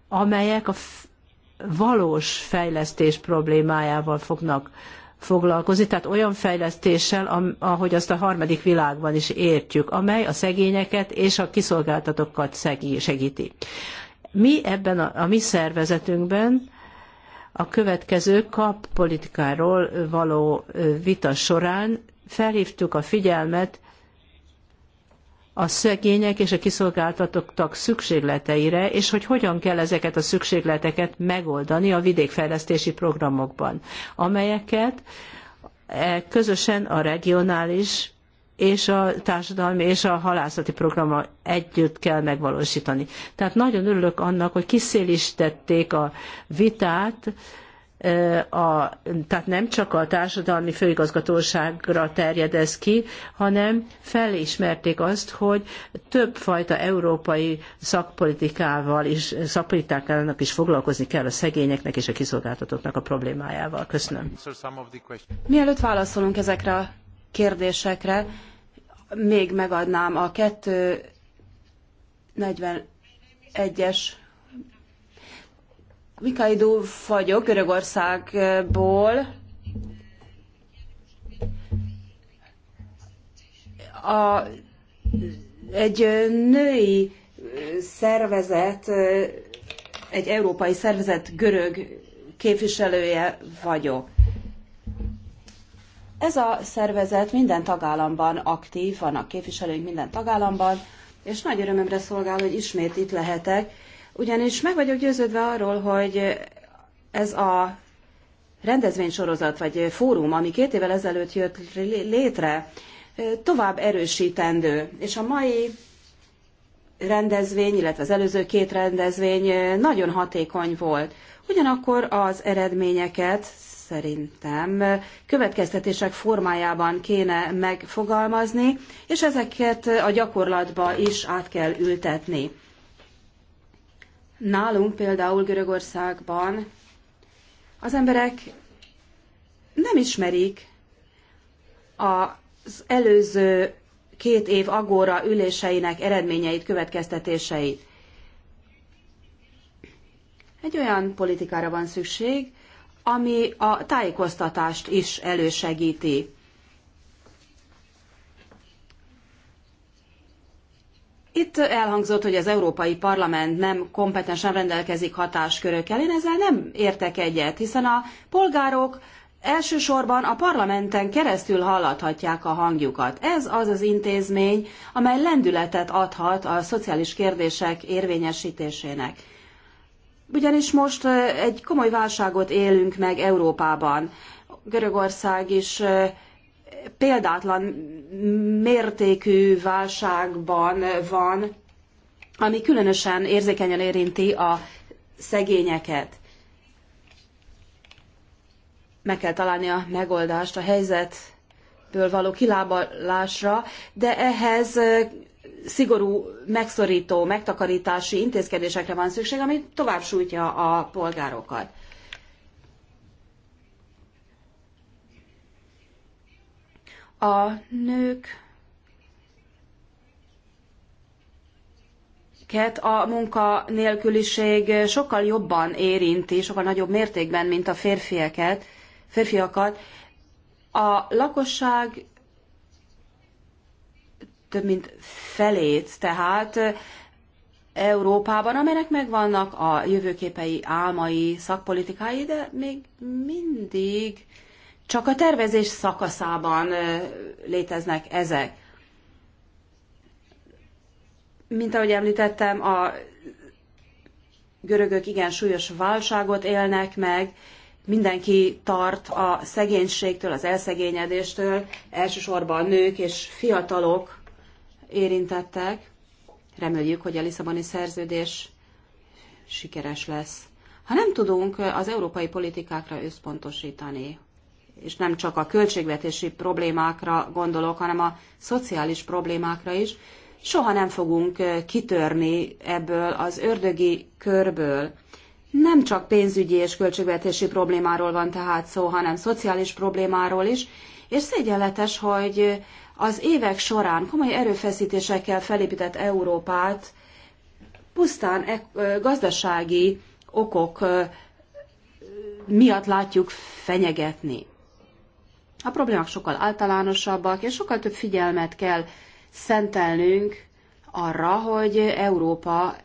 B: amelyek a valós fejlesztés problémájával fognak foglalkozni, tehát olyan fejlesztéssel, ahogy azt a harmadik világban is értjük, amely a szegényeket és a kiszolgáltatókat segíti. Mi ebben a, a mi szervezetünkben a következő kap politikáról való vita során felhívtuk a figyelmet a szegények és a kiszolgáltatottak szükségleteire, és hogy hogyan kell ezeket a szükségleteket megoldani a vidékfejlesztési programokban, amelyeket e, közösen a regionális és a társadalmi és a halászati programmal együtt kell megvalósítani. Tehát nagyon örülök annak, hogy kiszélítették a vitát, a, tehát nem csak a társadalmi főigazgatóságra terjed ez ki, hanem felismerték azt, hogy többfajta európai szakpolitikával is, szakpolitikának is foglalkozni kell a szegényeknek és a kiszolgáltatottnak a problémájával. Köszönöm. Mielőtt válaszolunk ezekre a kérdésekre,
D: még megadnám a 241-es Mikaidó vagyok, Görögországból. A, egy női szervezet, egy európai szervezet görög képviselője vagyok. Ez a szervezet minden tagállamban aktív, vannak képviselőink minden tagállamban, és nagy örömömre szolgál, hogy ismét itt lehetek, ugyanis meg vagyok győződve arról, hogy ez a rendezvénysorozat vagy fórum, ami két évvel ezelőtt jött létre, tovább erősítendő. És a mai rendezvény, illetve az előző két rendezvény nagyon hatékony volt. Ugyanakkor az eredményeket szerintem következtetések formájában kéne megfogalmazni, és ezeket a gyakorlatba is át kell ültetni. Nálunk például Görögországban az emberek nem ismerik az előző két év agóra üléseinek eredményeit, következtetéseit. Egy olyan politikára van szükség, ami a tájékoztatást is elősegíti. Itt elhangzott, hogy az Európai Parlament nem kompetensen rendelkezik hatáskörökkel. Én ezzel nem értek egyet, hiszen a polgárok elsősorban a parlamenten keresztül hallathatják a hangjukat. Ez az az intézmény, amely lendületet adhat a szociális kérdések érvényesítésének. Ugyanis most eh, egy komoly válságot élünk meg Európában. Görögország is eh, példátlan mértékű válságban van, ami különösen érzékenyen érinti a szegényeket. Meg kell találni a megoldást a helyzetből való kilábalásra, de ehhez szigorú megszorító, megtakarítási intézkedésekre van szükség, ami tovább sújtja a polgárokat. a nők a munka sokkal jobban érinti, sokkal nagyobb mértékben, mint a férfieket, férfiakat. A lakosság több mint felét, tehát Európában, amelynek megvannak a jövőképei, álmai, szakpolitikái, de még mindig csak a tervezés szakaszában léteznek ezek. Mint ahogy említettem, a görögök igen súlyos válságot élnek meg, mindenki tart a szegénységtől, az elszegényedéstől, elsősorban nők és fiatalok érintettek. Reméljük, hogy a Lisszaboni szerződés sikeres lesz. Ha nem tudunk az európai politikákra összpontosítani, és nem csak a költségvetési problémákra gondolok, hanem a szociális problémákra is, soha nem fogunk kitörni ebből az ördögi körből. Nem csak pénzügyi és költségvetési problémáról van tehát szó, hanem szociális problémáról is, és szégyenletes, hogy az évek során komoly erőfeszítésekkel felépített Európát pusztán e-, gazdasági okok miatt látjuk fenyegetni. A problémák sokkal általánosabbak, és sokkal több figyelmet kell szentelnünk arra, hogy Európa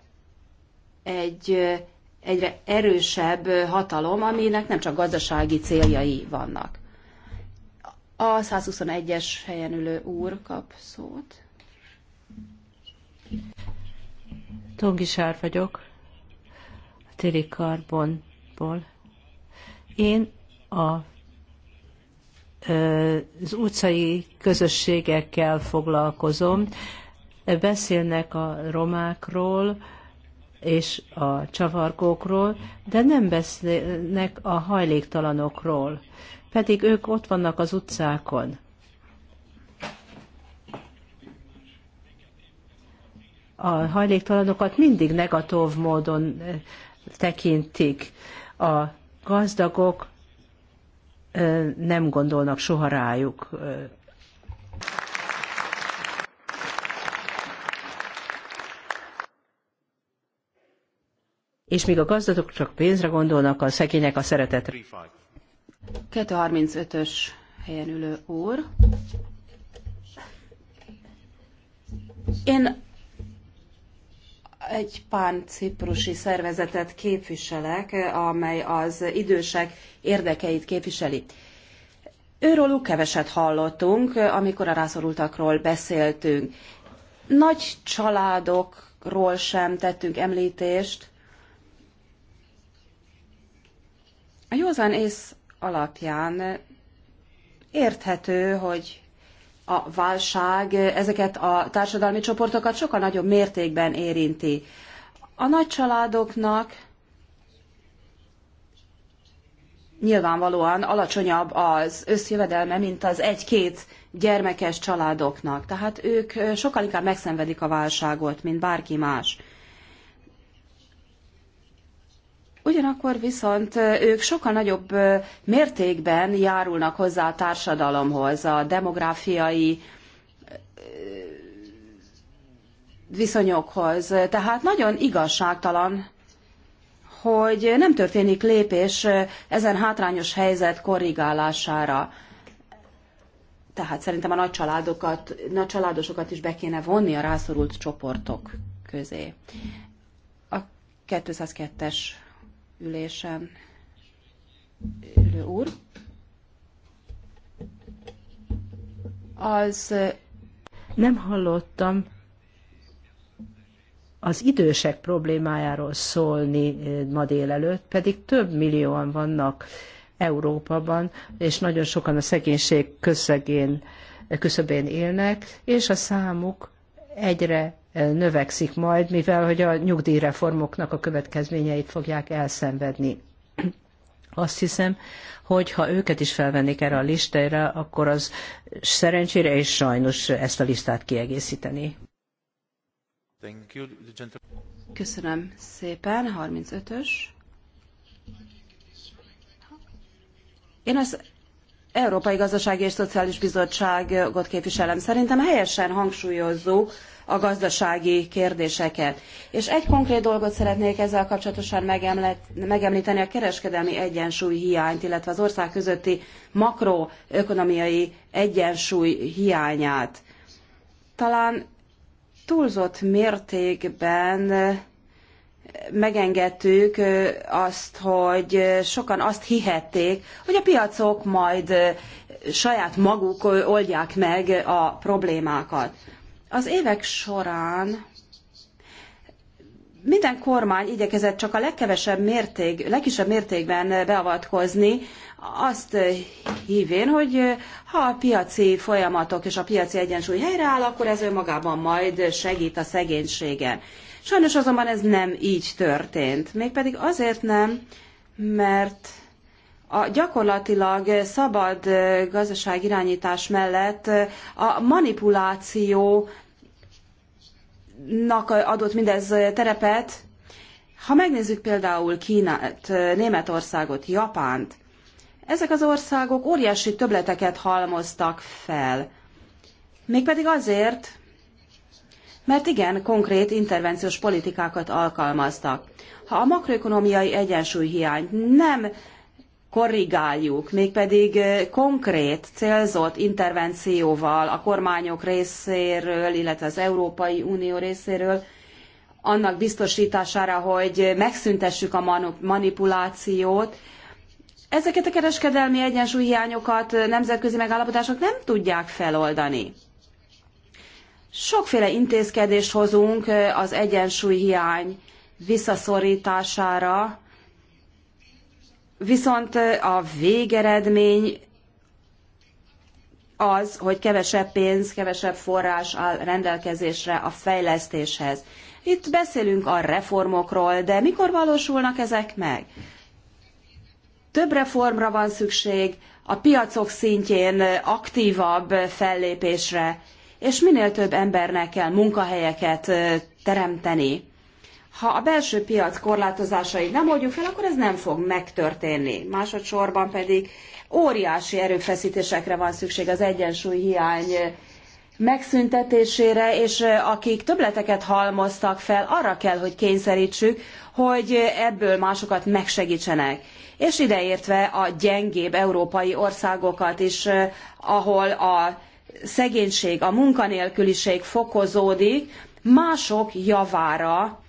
D: egy egyre erősebb hatalom, aminek nem csak gazdasági céljai vannak. A 121-es helyen ülő úr kap szót.
B: Tongi Sár vagyok, a Téli Karbonból. Én a az utcai közösségekkel foglalkozom. Beszélnek a romákról és a csavargókról, de nem beszélnek a hajléktalanokról. Pedig ők ott vannak az utcákon. A hajléktalanokat mindig negatív módon eh, tekintik. A gazdagok nem gondolnak soha rájuk. És míg a gazdatok csak pénzre gondolnak, a szegények a szeretetre. 235-ös
D: helyen ülő úr. Én egy pán szervezetet képviselek, amely az idősek érdekeit képviseli. Őróluk keveset hallottunk, amikor a rászorultakról beszéltünk. Nagy családokról sem tettünk említést. A józan ész alapján érthető, hogy a válság ezeket a társadalmi csoportokat sokkal nagyobb mértékben érinti. A nagy családoknak nyilvánvalóan alacsonyabb az összjövedelme, mint az egy-két gyermekes családoknak. Tehát ők sokkal inkább megszenvedik a válságot, mint bárki más. Ugyanakkor viszont ők sokkal nagyobb mértékben járulnak hozzá a társadalomhoz, a demográfiai viszonyokhoz. Tehát nagyon igazságtalan, hogy nem történik lépés ezen hátrányos helyzet korrigálására. Tehát szerintem a nagy, családokat, nagy családosokat is be kéne vonni a rászorult csoportok közé. A 202-es ülésen ülő úr.
B: Az nem hallottam az idősek problémájáról szólni eh, ma délelőtt, pedig több millióan vannak Európában, és nagyon sokan a szegénység közegén, eh, küszöbén élnek, és a számuk egyre növekszik majd, mivel hogy a nyugdíjreformoknak a következményeit fogják elszenvedni. Azt hiszem, hogy ha őket is felvennék erre a listára, akkor az szerencsére és sajnos ezt a listát kiegészíteni.
D: Köszönöm szépen, 35-ös. Én az Európai Gazdasági és Szociális Bizottságot képviselem. Szerintem helyesen hangsúlyozzuk, a gazdasági kérdéseket. És egy konkrét dolgot szeretnék ezzel kapcsolatosan megemlíteni, a kereskedelmi egyensúly hiányt, illetve az ország közötti makroökonomiai egyensúly hiányát. Talán túlzott mértékben megengedtük azt, hogy sokan azt hihették, hogy a piacok majd saját maguk oldják meg a problémákat. Az évek során minden kormány igyekezett csak a legkevesebb mérték, legkisebb mértékben beavatkozni, azt hívén, hogy ha a piaci folyamatok és a piaci egyensúly helyreáll, akkor ez önmagában majd segít a szegénységen. Sajnos azonban ez nem így történt. Mégpedig azért nem, mert a gyakorlatilag szabad gazdaságirányítás mellett a manipuláció nak adott mindez terepet. Ha megnézzük például Kínát, Németországot, Japánt, ezek az országok óriási töbleteket halmoztak fel. Mégpedig azért, mert igen, konkrét intervenciós politikákat alkalmaztak. Ha a egyensúly hiányt nem korrigáljuk, mégpedig konkrét, célzott intervencióval a kormányok részéről, illetve az Európai Unió részéről, annak biztosítására, hogy megszüntessük a manipulációt. Ezeket a kereskedelmi egyensúlyhiányokat nemzetközi megállapodások nem tudják feloldani. Sokféle intézkedést hozunk az egyensúlyhiány visszaszorítására, Viszont a végeredmény az, hogy kevesebb pénz, kevesebb forrás áll rendelkezésre a fejlesztéshez. Itt beszélünk a reformokról, de mikor valósulnak ezek meg? Több reformra van szükség, a piacok szintjén aktívabb fellépésre, és minél több embernek kell munkahelyeket teremteni ha a belső piac korlátozásait nem oldjuk fel, akkor ez nem fog megtörténni. Másodszorban pedig óriási erőfeszítésekre van szükség az egyensúly hiány megszüntetésére, és akik többleteket halmoztak fel, arra kell, hogy kényszerítsük, hogy ebből másokat megsegítsenek. És ideértve a gyengébb európai országokat is, ahol a szegénység, a munkanélküliség fokozódik, mások javára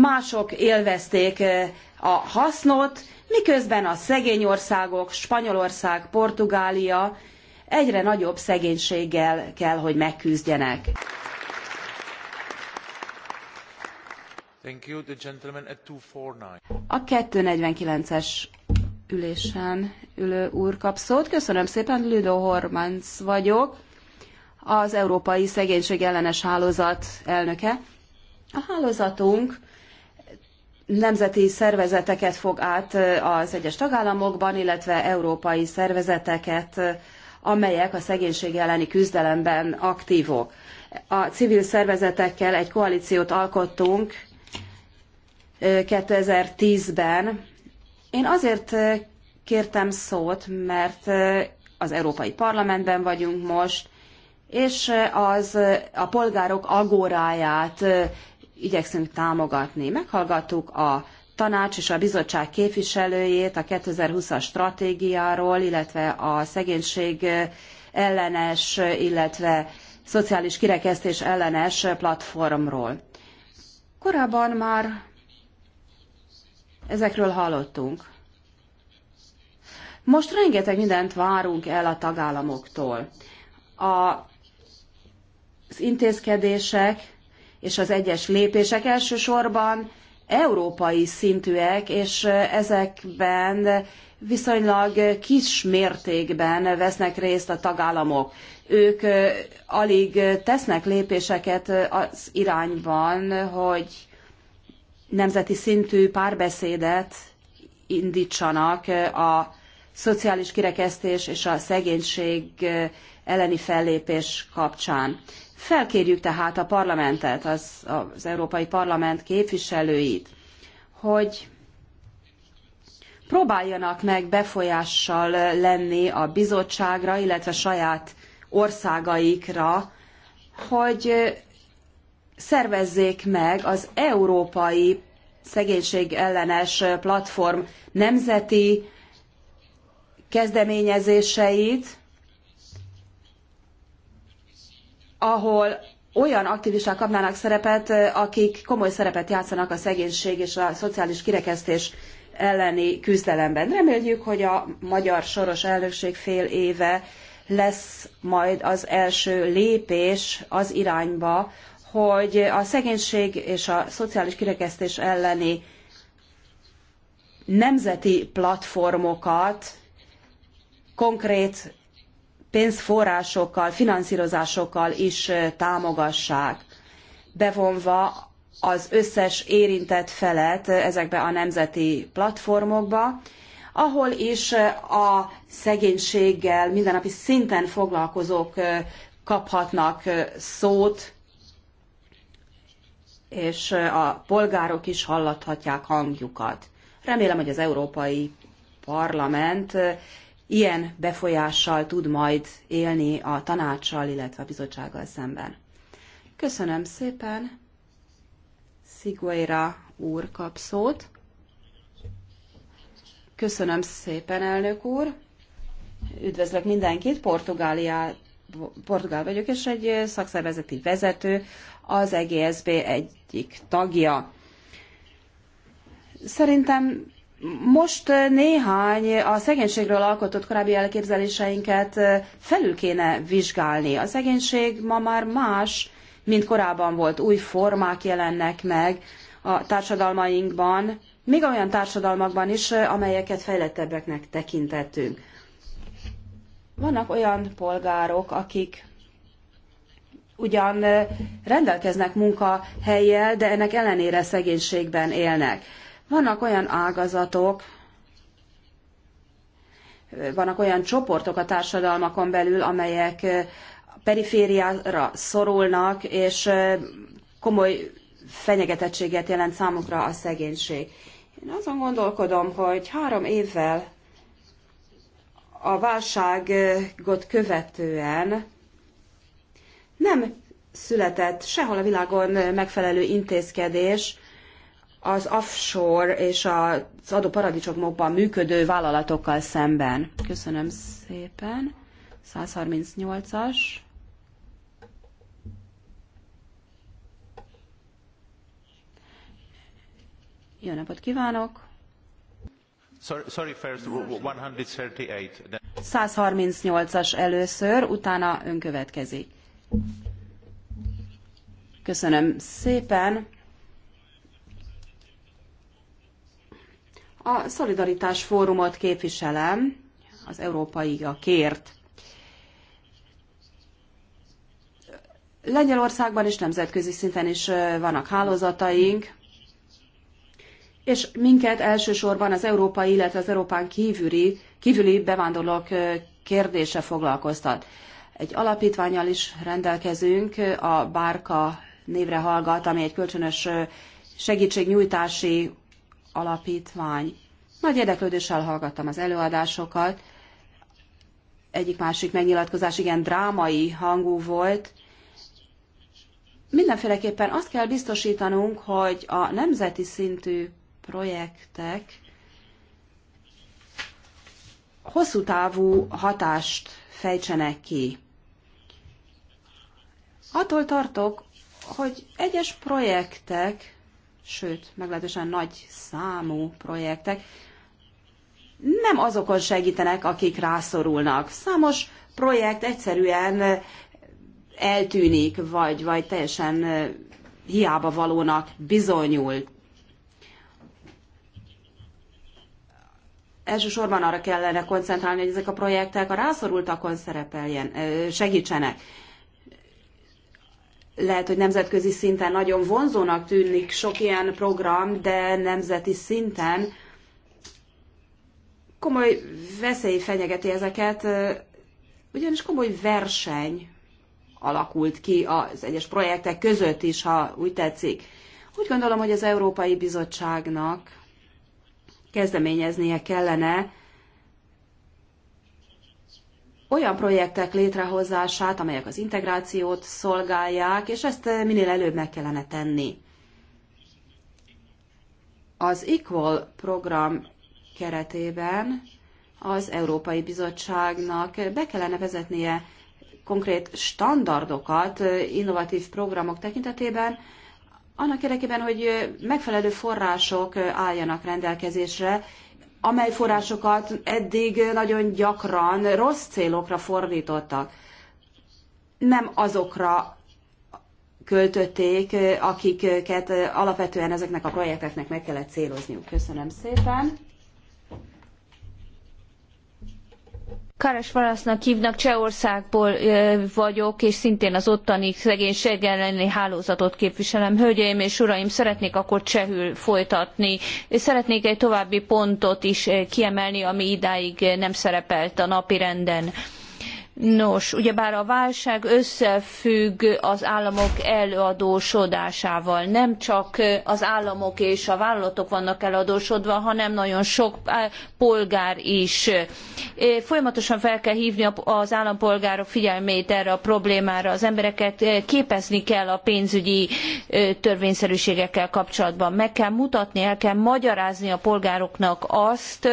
D: mások élvezték eh, a hasznot, miközben a szegény országok, Spanyolország, Portugália egyre nagyobb szegénységgel kell, hogy megküzdjenek. A 249-es ülésen ülő úr kap szót. Köszönöm szépen, Ludo Hormans vagyok, az Európai Szegénység Ellenes Hálózat elnöke. A hálózatunk nemzeti szervezeteket fog át az egyes tagállamokban, illetve európai szervezeteket, amelyek a szegénység elleni küzdelemben aktívok. A civil szervezetekkel egy koalíciót alkottunk 2010-ben. Én azért kértem szót, mert az Európai Parlamentben vagyunk most, és az a polgárok agóráját igyekszünk támogatni. Meghallgattuk a tanács és a bizottság képviselőjét a 2020-as stratégiáról, illetve a szegénység ellenes, illetve szociális kirekesztés ellenes platformról. Korábban már ezekről hallottunk. Most rengeteg mindent várunk el a tagállamoktól. A, az intézkedések és az egyes lépések elsősorban európai szintűek, és ezekben viszonylag kis mértékben vesznek részt a tagállamok. Ők alig tesznek lépéseket az irányban, hogy nemzeti szintű párbeszédet indítsanak a szociális kirekesztés és a szegénység elleni fellépés kapcsán. Felkérjük tehát a parlamentet, az, az Európai Parlament képviselőit, hogy próbáljanak meg befolyással lenni a bizottságra, illetve saját országaikra, hogy szervezzék meg az európai szegénység ellenes platform nemzeti kezdeményezéseit, ahol olyan aktivisták kapnának szerepet, akik komoly szerepet játszanak a szegénység és a szociális kirekesztés elleni küzdelemben. Reméljük, hogy a magyar soros elnökség fél éve lesz majd az első lépés az irányba, hogy a szegénység és a szociális kirekesztés elleni nemzeti platformokat konkrét pénzforrásokkal, finanszírozásokkal is támogassák, bevonva az összes érintett felet ezekbe a nemzeti platformokba, ahol is a szegénységgel mindennapi szinten foglalkozók kaphatnak szót, és a polgárok is hallathatják hangjukat. Remélem, hogy az Európai Parlament ilyen befolyással tud majd élni a tanácssal, illetve a bizottsággal szemben. Köszönöm szépen. Szigueira úr kap szót. Köszönöm szépen, elnök úr. Üdvözlök mindenkit. Portugália Portugál vagyok, és egy szakszervezeti vezető, az EGSB egyik tagja. Szerintem most eh, néhány a szegénységről alkotott korábbi elképzeléseinket eh, felül kéne vizsgálni. A szegénység ma már más, mint korábban volt. Új formák jelennek meg a társadalmainkban, még olyan társadalmakban is, eh, amelyeket fejlettebbeknek tekintettünk. Vannak olyan polgárok, akik ugyan rendelkeznek munkahelyjel, de ennek ellenére szegénységben élnek. Vannak olyan ágazatok, vannak olyan csoportok a társadalmakon belül, amelyek perifériára szorulnak, és komoly fenyegetettséget jelent számukra a szegénység. Én azon gondolkodom, hogy három évvel a válságot követően nem született sehol a világon megfelelő intézkedés az offshore és az adóparadicsomokban működő vállalatokkal szemben. Köszönöm szépen. 138-as. Jó napot kívánok!
C: Sorry, first
D: 138. 138-as először, utána ön következik. Köszönöm szépen. A Szolidaritás Fórumot képviselem, az Európai a kért. Lengyelországban is, nemzetközi szinten is vannak hálózataink, és minket elsősorban az európai, illetve az Európán kívüli, kívüli bevándorlók kérdése foglalkoztat. Egy alapítványal is rendelkezünk, a Bárka névre hallgat, ami egy kölcsönös segítségnyújtási alapítvány. Nagy érdeklődéssel hallgattam az előadásokat. Egyik-másik megnyilatkozás igen drámai hangú volt. Mindenféleképpen azt kell biztosítanunk, hogy a nemzeti szintű projektek hosszú távú hatást fejtsenek ki. Attól tartok, hogy egyes projektek sőt, meglehetősen nagy számú projektek nem azokon segítenek, akik rászorulnak. Számos projekt egyszerűen eltűnik, vagy, vagy teljesen hiába valónak bizonyul. Elsősorban arra kellene koncentrálni, hogy ezek a projektek a rászorultakon szerepeljen, segítsenek lehet, hogy nemzetközi szinten nagyon vonzónak tűnik sok ilyen program, de nemzeti szinten komoly veszély fenyegeti ezeket, ugyanis komoly verseny alakult ki az egyes projektek között is, ha úgy tetszik. Úgy gondolom, hogy az Európai Bizottságnak kezdeményeznie kellene olyan projektek létrehozását, amelyek az integrációt szolgálják, és ezt eh, minél előbb meg kellene tenni. Az Equal program keretében az Európai Bizottságnak be kellene vezetnie konkrét standardokat eh, innovatív programok tekintetében, annak érdekében, hogy eh, megfelelő források álljanak rendelkezésre, amely forrásokat eddig nagyon gyakran rossz célokra fordítottak. Nem azokra költötték, akiket alapvetően ezeknek a projekteknek meg kellett célozniuk. Köszönöm szépen!
A: Káros Varasznak hívnak, Csehországból vagyok, és szintén az ottani szegénység elleni hálózatot képviselem. Hölgyeim és uraim, szeretnék akkor csehül folytatni. Szeretnék egy további pontot is kiemelni, ami idáig nem szerepelt a napirenden. renden Nos, ugyebár a válság összefügg az államok eladósodásával. Nem csak az államok és a vállalatok vannak eladósodva, hanem nagyon sok eh, polgár is. Eh, folyamatosan fel kell hívni az állampolgárok figyelmét erre a problémára. Az embereket eh, képezni kell a pénzügyi törvényszerűségekkel kapcsolatban. Meg kell mutatni, el kell magyarázni a polgároknak azt,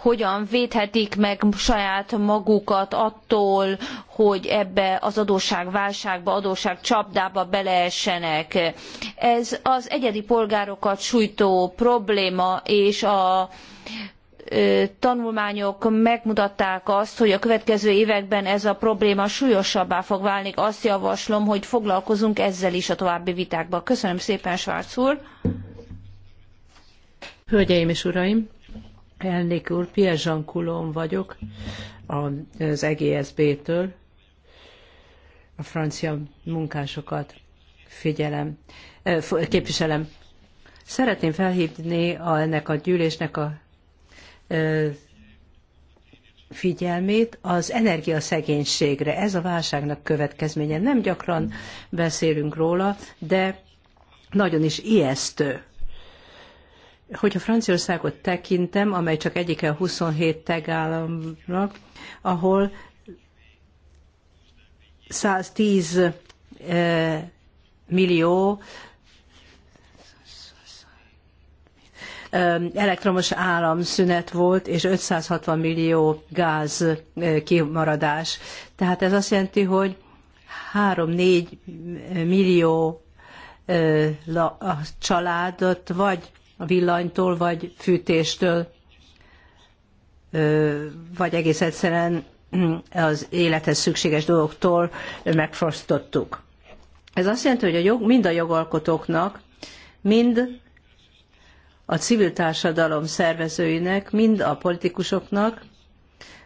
A: hogyan védhetik meg saját magukat attól, hogy ebbe az adósságválságba, adósságcsapdába beleessenek. Ez az egyedi polgárokat sújtó probléma, és a tanulmányok megmutatták azt, hogy a következő években ez a probléma súlyosabbá fog válni. Azt javaslom, hogy foglalkozunk ezzel is a további vitákban. Köszönöm
B: szépen, Svárc úr! Hölgyeim és uraim! Elnék úr, Piazsan Kulon vagyok az EGSB-től. A francia munkásokat figyelem, eh, képviselem. Szeretném felhívni a, ennek a gyűlésnek a eh, figyelmét az energiaszegénységre. Ez a válságnak következménye. Nem gyakran beszélünk róla, de nagyon is ijesztő Hogyha Franciaországot tekintem, amely csak egyike a 27 tagállamnak, ahol 110 eh, millió eh, elektromos áramszünet volt, és 560 millió gáz eh, kimaradás. Tehát ez azt jelenti, hogy 3-4 millió családot vagy a villanytól vagy fűtéstől, vagy egész egyszerűen az élethez szükséges dolgoktól megfosztottuk. Ez azt jelenti, hogy a jog, mind a jogalkotóknak, mind a civil társadalom szervezőinek, mind a politikusoknak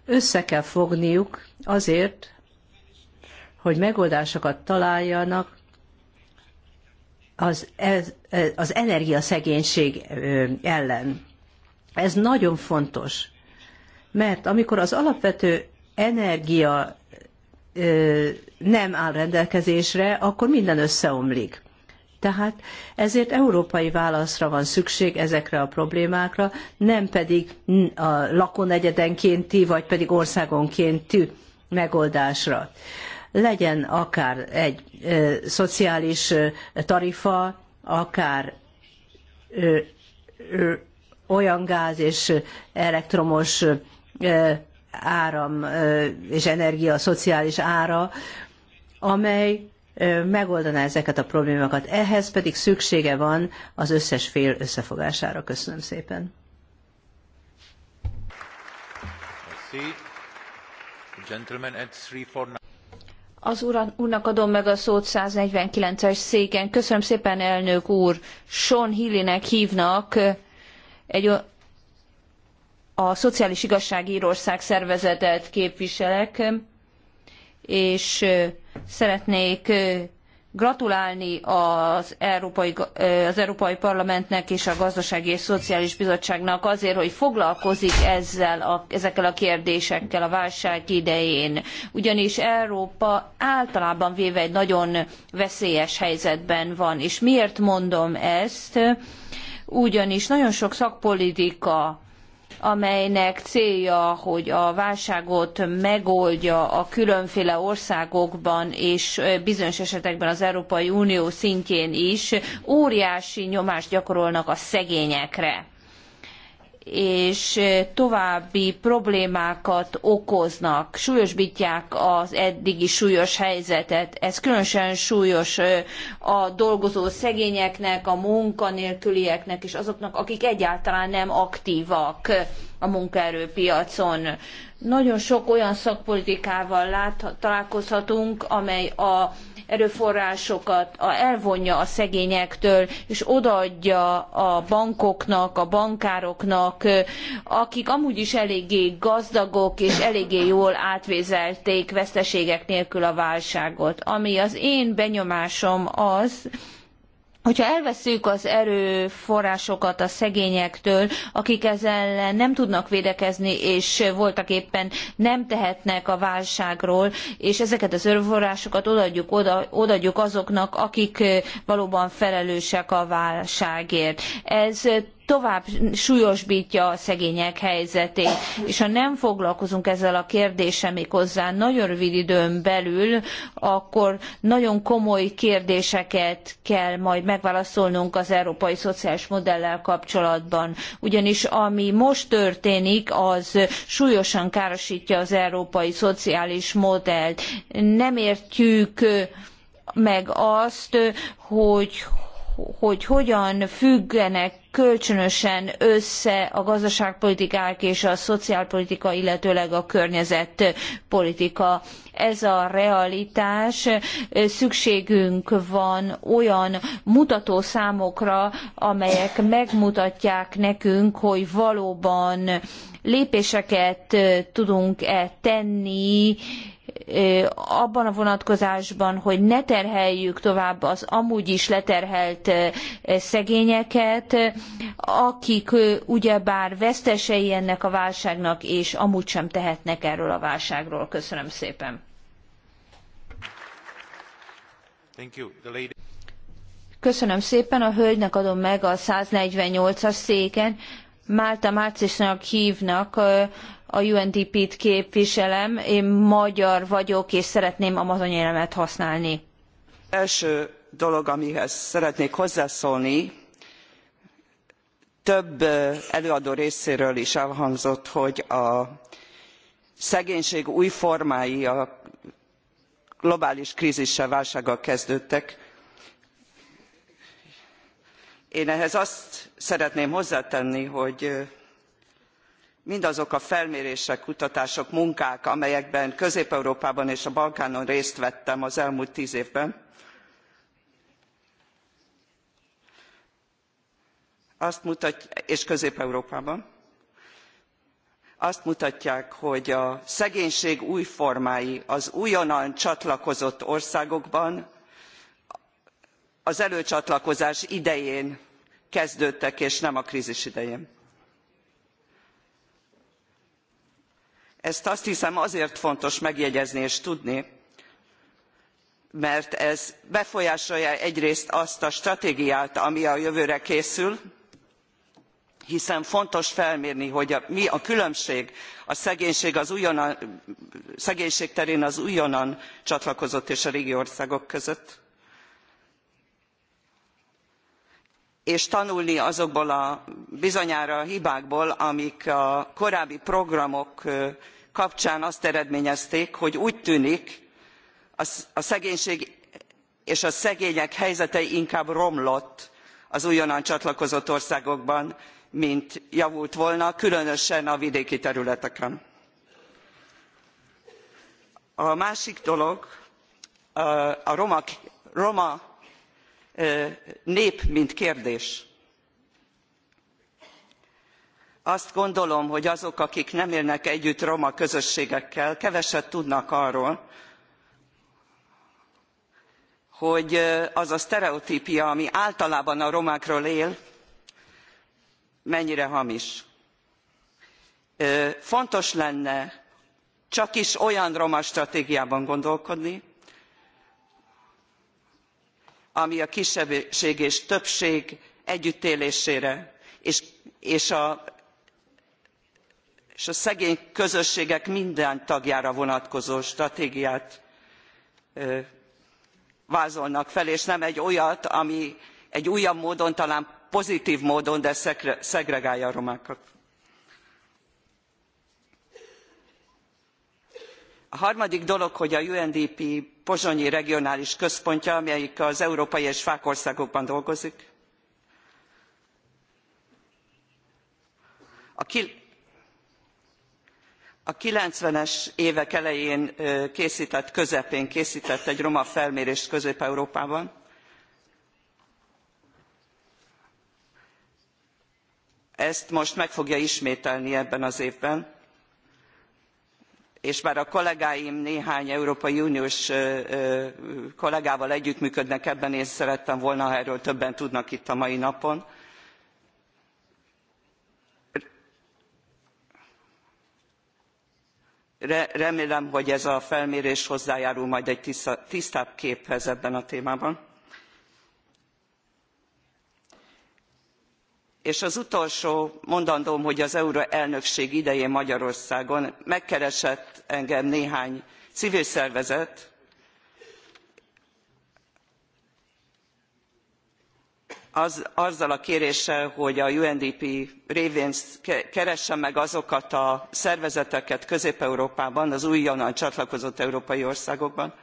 B: össze kell fogniuk azért, hogy megoldásokat találjanak az, az energiaszegénység ellen. Ez nagyon fontos, mert amikor az alapvető energia nem áll rendelkezésre, akkor minden összeomlik. Tehát ezért európai válaszra van szükség ezekre a problémákra, nem pedig a lakonegyedenkénti, vagy pedig országonkénti megoldásra legyen akár egy szociális tarifa, akár olyan gáz és elektromos áram és energia szociális ára, amely megoldaná ezeket a problémákat. Ehhez pedig szüksége van az összes fél összefogására. Köszönöm szépen.
C: Gentlemen at 349.
A: Az uran, úrnak adom meg a szót 149-es széken. Köszönöm szépen, elnök úr. Sean Hillinek hívnak egy a Szociális Igazság Írország szervezetet képviselek, és szeretnék gratulálni az Európai, az Európai Parlamentnek és a Gazdasági és Szociális Bizottságnak azért, hogy foglalkozik ezzel a, ezekkel a kérdésekkel a válság idején. Ugyanis Európa általában véve egy nagyon veszélyes helyzetben van. És miért mondom ezt? Ugyanis nagyon sok szakpolitika amelynek célja, hogy a válságot megoldja a különféle országokban és bizonyos esetekben az Európai Unió szintjén is, óriási nyomást gyakorolnak a szegényekre és további problémákat okoznak, súlyosbítják az eddigi súlyos helyzetet. Ez különösen súlyos a dolgozó szegényeknek, a munkanélkülieknek és azoknak, akik egyáltalán nem aktívak a munkaerőpiacon. Nagyon sok olyan szakpolitikával lát, találkozhatunk, amely a erőforrásokat elvonja a szegényektől, és odaadja a bankoknak, a bankároknak, akik amúgy is eléggé gazdagok és eléggé jól átvézelték veszteségek nélkül a válságot. Ami az én benyomásom az, hogyha elveszük az erőforrásokat a szegényektől, akik ezzel nem tudnak védekezni, és voltak éppen nem tehetnek a válságról, és ezeket az erőforrásokat odaadjuk, oda, odaadjuk azoknak, akik valóban felelősek a válságért. Ez tovább súlyosbítja a szegények helyzetét. És ha nem foglalkozunk ezzel a kérdéssel még hozzá nagyon rövid időn belül, akkor nagyon komoly kérdéseket kell majd megválaszolnunk az európai szociális modellel kapcsolatban. Ugyanis ami most történik, az súlyosan károsítja az európai szociális modellt. Nem értjük meg azt, hogy hogy hogyan függenek kölcsönösen össze a gazdaságpolitikák és a szociálpolitika, illetőleg a környezetpolitika. Ez a realitás, szükségünk van olyan mutatószámokra, amelyek megmutatják nekünk, hogy valóban lépéseket tudunk-e tenni, abban a vonatkozásban, hogy ne terheljük tovább az amúgy is leterhelt szegényeket, akik ugyebár vesztesei ennek a válságnak, és amúgy sem tehetnek erről a válságról. Köszönöm szépen. Köszönöm szépen, a hölgynek adom meg a 148-as széken. Málta Márcisnak hívnak, a UNDP-t képviselem, én magyar vagyok, és szeretném a mazonyelvemet használni.
C: Első dolog, amihez szeretnék hozzászólni, több előadó részéről is elhangzott, hogy a szegénység új formái a globális krzissel válsággal kezdődtek. Én ehhez azt szeretném hozzátenni, hogy mindazok a felmérések kutatások munkák amelyekben közép európában és a balkánon részt vettem az elmúlt tz évben azt mutatja, és közép európában azt mutatják hogy a szegénység új formái az újonnan csatlakozott országokban az előcsatlakozás idején kezdődtek és nem a krzis idején ezt azt hiszem azért fontos megjegyezni és tudni mert ez befolyásolja egyrészt azt a stratégiát ami a jövőre készül hiszen fontos felmérni hogy a, mi a különbség a szegénység, az újonnan, szegénység terén az újonnan csatlakozott és a régi országok között és tanulni azokból a bizonyára hibákból amik a korábbi programok kapcsán azt eredményezték hogy úgy tűnik a szegénység és a szegények helyzete inkább romlott az újonnan csatlakozott országokban mint javult volna különösen a vidéki területeken. a másik dolog a roma nép, mint kérdés. Azt gondolom, hogy azok, akik nem élnek együtt roma közösségekkel, keveset tudnak arról, hogy az a sztereotípia, ami általában a romákról él, mennyire hamis. Fontos lenne csak is olyan roma stratégiában gondolkodni, ami a kisebbség és többség együttélésére és, és, a, és a szegény közösségek minden tagjára vonatkozó stratégiát ö, vázolnak fel és nem egy olyat ami egy újabb módon talán pozitv módon de szegregálja a romákat. a harmadik dolog hogy a undp pozsonyi regionális központja amelyik az európai és fák országokban dolgozik a ninety es évek elején késztett közepén késztett egy roma felmérést közép európában ezt most meg fogja ismételni ebben az évben és már a kollégáim néhány európai uniós kollégával együttműködnek ebben én szerettem volna ha erről többen tudnak itt a mai napon remélem hogy ez a felmérés hozzájárul majd egy tisztább képhez ebben a témában. és az utolsó mondandóm hogy az eu elnökség idején magyarországon megkeresett engem néhány civil szervezet az, azzal a kéréssel hogy a undp révén keresse meg azokat a szervezeteket közép európában az újonnan csatlakozott európai országokban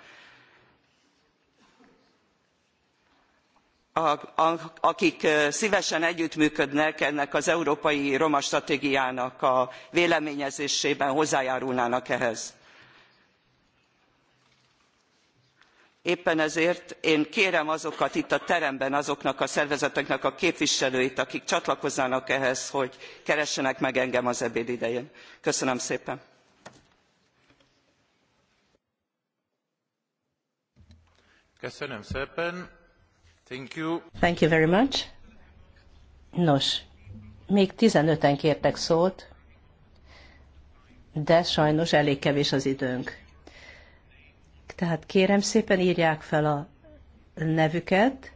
C: akik szvesen együttműködnek ennek az európai stratégiának a véleményezésében hozzájárulnának ehhez. éppen ezért én kérem azokat itt a teremben azoknak a szervezeteknek a képviselőit akik csatlakoznának ehhez hogy keressenek meg engem az ebéd idején. köszönöm szépen! Köszönöm szépen Thank
B: you. very much. Nos, még 15-en kértek szót, de sajnos elég kevés az időnk. Tehát kérem szépen írják fel a nevüket,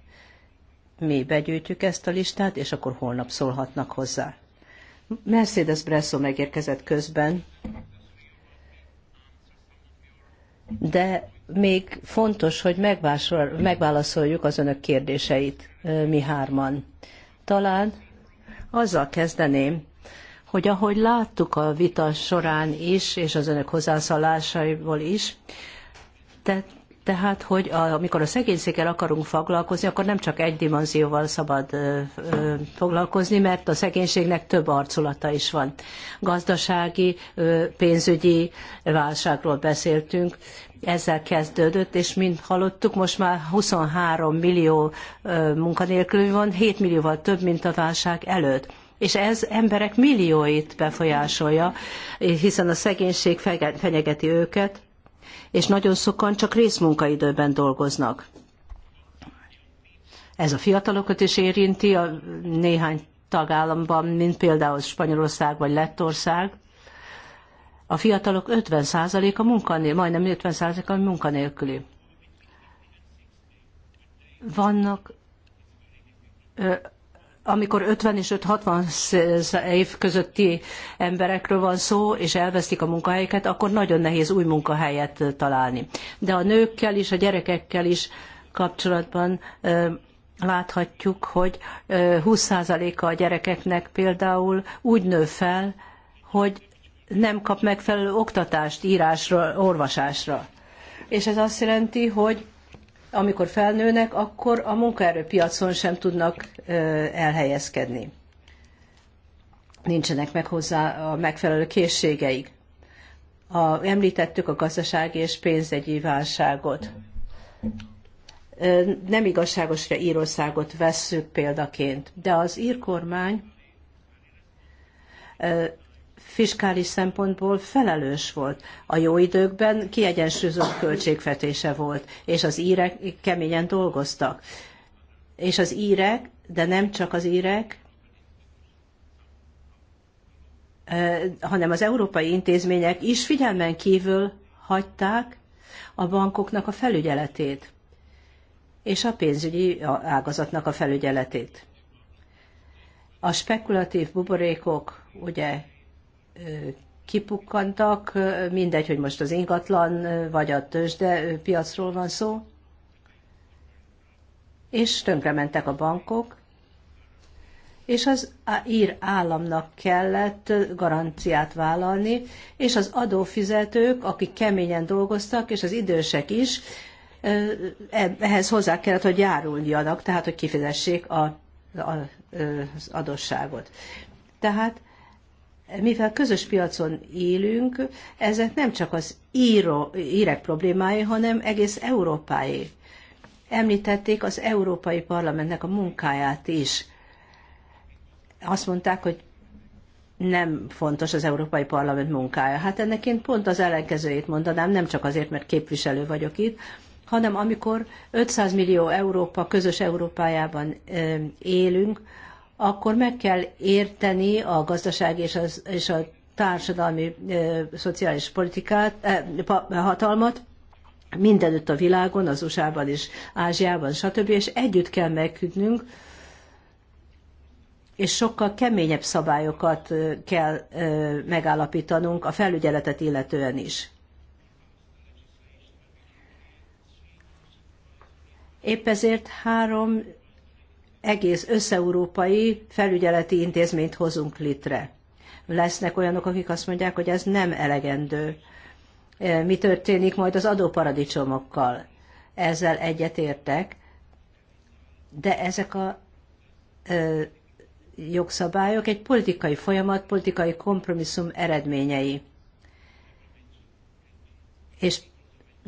B: mi begyűjtjük ezt a listát, és akkor holnap szólhatnak hozzá. Mercedes Bresso megérkezett közben, de még fontos, hogy megválaszoljuk az önök kérdéseit mi hárman. Talán azzal kezdeném, hogy ahogy láttuk a vita során is, és az önök hozzászólásaiból is, tehát tehát, hogy amikor a szegénységgel akarunk foglalkozni, akkor nem csak egy dimenzióval szabad ö, ö, foglalkozni, mert a szegénységnek több arculata is van. Gazdasági, ö, pénzügyi válságról beszéltünk, ezzel kezdődött, és mint hallottuk, most már 23 millió munkanélkül van, 7 millióval több, mint a válság előtt és ez emberek millióit befolyásolja, hiszen a szegénység fenyegeti őket, és nagyon sokan csak részmunkaidőben dolgoznak. Ez a fiatalokat is érinti, a néhány tagállamban, mint például Spanyolország vagy Lettország. A fiatalok 50%-a munkanélküli, majdnem 50%-a munkanélküli. Vannak amikor 50 és 60 év közötti emberekről van szó, és elvesztik a munkahelyeket, akkor nagyon nehéz új munkahelyet találni. De a nőkkel is, a gyerekekkel is kapcsolatban láthatjuk, hogy 20%-a a gyerekeknek például úgy nő fel, hogy nem kap megfelelő oktatást írásra, orvosásra. És ez azt jelenti, hogy amikor felnőnek, akkor a munkaerőpiacon sem tudnak elhelyezkedni. Nincsenek meg hozzá a megfelelő készségeik. A, említettük a gazdasági és pénzügyi válságot. Nem igazságos, hogy Írországot vesszük példaként, de az írkormány fiskális szempontból felelős volt. A jó időkben kiegyensúlyozott költségvetése volt, és az írek keményen dolgoztak. És az írek, de nem csak az írek, hanem az európai intézmények is figyelmen kívül hagyták a bankoknak a felügyeletét és a pénzügyi ágazatnak a felügyeletét. A spekulatív buborékok ugye kipukkantak, mindegy, hogy most az ingatlan vagy a tőzsde piacról van szó, és tönkrementek a bankok, és az ír államnak kellett garanciát vállalni, és az adófizetők, akik keményen dolgoztak, és az idősek is, e, ehhez hozzá kellett, hogy járuljanak, tehát hogy kifizessék a, a, az adósságot. Tehát mivel közös piacon élünk, ezek nem csak az író, írek problémái, hanem egész európai Említették az Európai Parlamentnek a munkáját is. Azt mondták, hogy nem fontos az Európai Parlament munkája. Hát ennek én pont az ellenkezőjét mondanám, nem csak azért, mert képviselő vagyok itt, hanem amikor 500 millió Európa közös Európájában élünk, akkor meg kell érteni a gazdaság és, az, és a társadalmi ö, szociális politikát, ö, hatalmat, mindenütt a világon, az USA-ban és Ázsiában, stb., és együtt kell megküdnünk, és sokkal keményebb szabályokat kell ö, megállapítanunk a felügyeletet illetően is. Épp ezért három egész összeurópai felügyeleti intézményt hozunk létre. Lesznek olyanok, akik azt mondják, hogy ez nem elegendő. E, mi történik majd az adóparadicsomokkal? Ezzel egyetértek, de ezek a e, jogszabályok egy politikai folyamat, politikai kompromisszum eredményei. És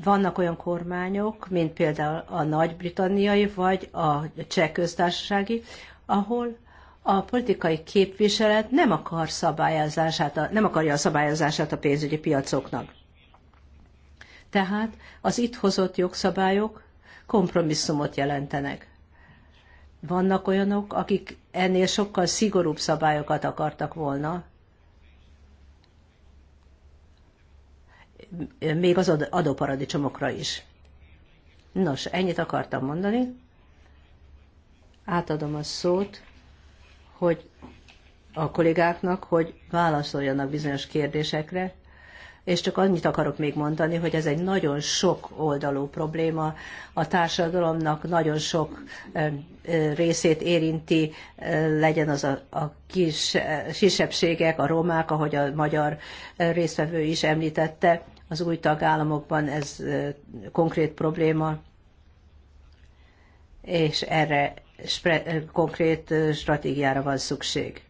B: vannak olyan kormányok, mint például a nagy-britanniai vagy a cseh köztársasági, ahol a politikai képviselet nem, akar szabályozását, nem akarja a szabályozását a pénzügyi piacoknak. Tehát az itt hozott jogszabályok kompromisszumot jelentenek. Vannak olyanok, akik ennél sokkal szigorúbb szabályokat akartak volna, még az adóparadicsomokra is. Nos, ennyit akartam mondani. Átadom a szót, hogy a kollégáknak, hogy válaszoljanak bizonyos kérdésekre, és csak annyit akarok még mondani, hogy ez egy nagyon sok oldalú probléma, a társadalomnak nagyon sok részét érinti, legyen az a, a kis kisebbségek, a romák, ahogy a magyar résztvevő is említette, az új tagállamokban ez konkrét probléma, és erre konkrét stratégiára van szükség.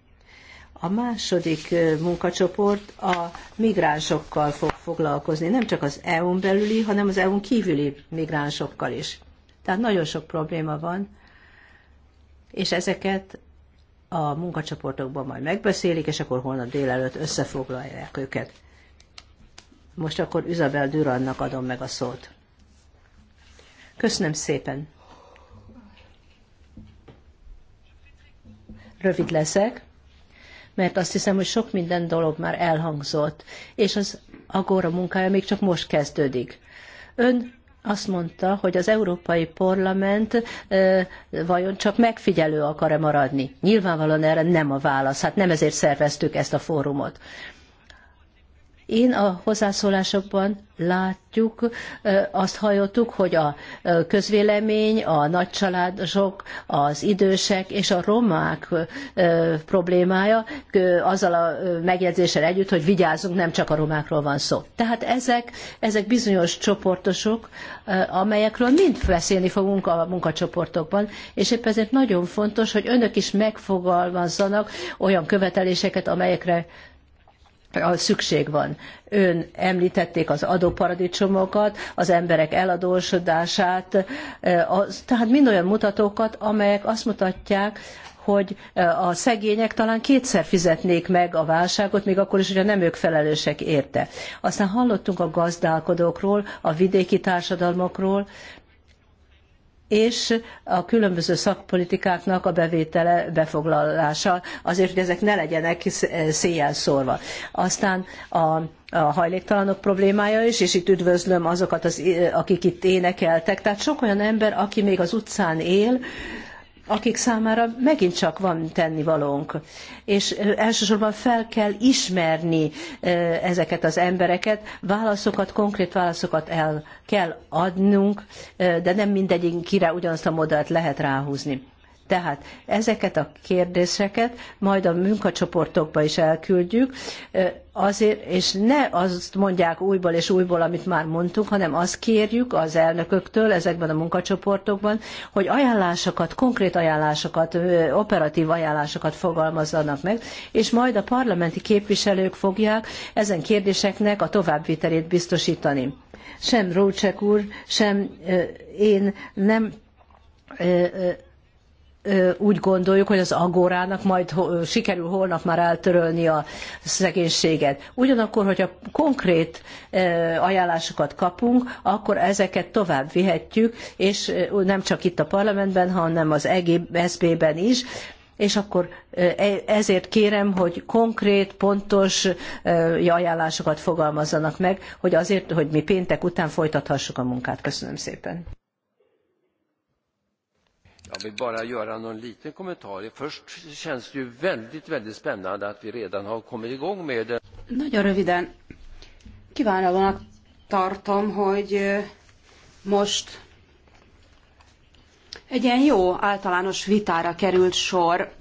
B: A második munkacsoport a migránsokkal fog foglalkozni, nem csak az EU-n belüli, hanem az EU-n kívüli migránsokkal is. Tehát nagyon sok probléma van, és ezeket a munkacsoportokban majd megbeszélik, és akkor holnap délelőtt összefoglalják őket. Most akkor Üzabel Durannak adom meg a szót. Köszönöm szépen. Rövid leszek, mert azt hiszem, hogy sok minden dolog már elhangzott, és az Agora munkája még csak most kezdődik. Ön azt mondta, hogy az Európai Parlament e, vajon csak megfigyelő akar-e maradni. Nyilvánvalóan erre nem a válasz, hát nem ezért szerveztük ezt a fórumot. Én a hozzászólásokban látjuk, azt hallottuk, hogy a közvélemény, a nagycsaládosok, az idősek és a romák problémája azzal a megjegyzéssel együtt, hogy vigyázzunk, nem csak a romákról van szó. Tehát ezek, ezek bizonyos csoportosok, amelyekről mind beszélni fogunk a munkacsoportokban, és épp ezért nagyon fontos, hogy önök is megfogalmazzanak olyan követeléseket, amelyekre szükség van. Ön említették az adóparadicsomokat, az emberek eladósodását, az, tehát mind olyan mutatókat, amelyek azt mutatják, hogy a szegények talán kétszer fizetnék meg a válságot, még akkor is, hogyha nem ők felelősek érte. Aztán hallottunk a gazdálkodókról, a vidéki társadalmakról, és a különböző szakpolitikáknak a bevétele, befoglalása, azért, hogy ezek ne legyenek széjjel szórva. Aztán a a hajléktalanok problémája is, és itt üdvözlöm azokat, az, akik itt énekeltek. Tehát sok olyan ember, aki még az utcán él, akik számára megint csak van tennivalónk. És elsősorban fel kell ismerni ezeket az embereket, válaszokat, konkrét válaszokat el kell adnunk, de nem mindegyikre ugyanazt a modellt lehet ráhúzni. Tehát ezeket a kérdéseket majd a munkacsoportokba is elküldjük, azért, és ne azt mondják újból és újból, amit már mondtunk, hanem azt kérjük az elnököktől ezekben a munkacsoportokban, hogy ajánlásokat, konkrét ajánlásokat, operatív ajánlásokat fogalmazzanak meg, és majd a parlamenti képviselők fogják ezen kérdéseknek a továbbvitelét biztosítani. Sem Rócsek úr, sem én nem úgy gondoljuk, hogy az agórának majd sikerül holnap már eltörölni a szegénységet. Ugyanakkor, hogyha konkrét ajánlásokat kapunk, akkor ezeket tovább vihetjük, és nem csak itt a parlamentben, hanem az EGSB-ben is, és akkor e, ezért kérem, hogy konkrét, pontos ajánlásokat fogalmazzanak meg, hogy azért, hogy mi péntek után folytathassuk a munkát. Köszönöm szépen.
C: Jag vill bara göra någon liten kommentar. Först känns det ju väldigt, väldigt spännande att vi redan har kommit igång med det. Nagyon
D: röviden. Kívánalónak tartom, hogy most egy ilyen jó általános vitára került sor,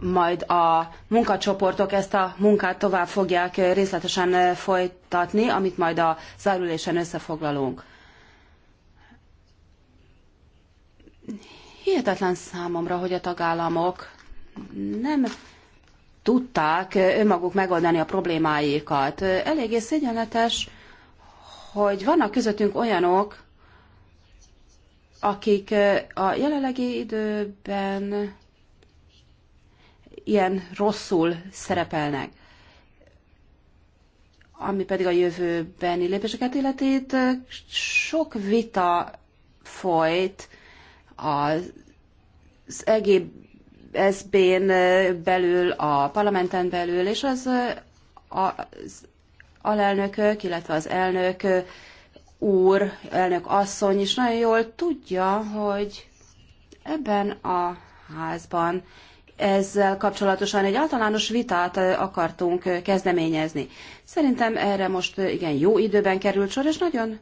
D: majd a munkacsoportok ezt a munkát tovább fogják részletesen folytatni, amit majd a zárulésen összefoglalunk. hihetetlen számomra, hogy a tagállamok nem tudták önmaguk megoldani a problémáikat. Eléggé szégyenletes, hogy vannak közöttünk olyanok, akik a jelenlegi időben ilyen rosszul szerepelnek. Ami pedig a jövőbeni lépéseket illeti, sok vita folyt az EGSB-n belül, a parlamenten belül, és az, az alelnökök, illetve az elnök úr, elnök asszony is nagyon jól tudja, hogy ebben a házban ezzel kapcsolatosan egy általános vitát akartunk kezdeményezni. Szerintem erre most igen jó időben került sor, és nagyon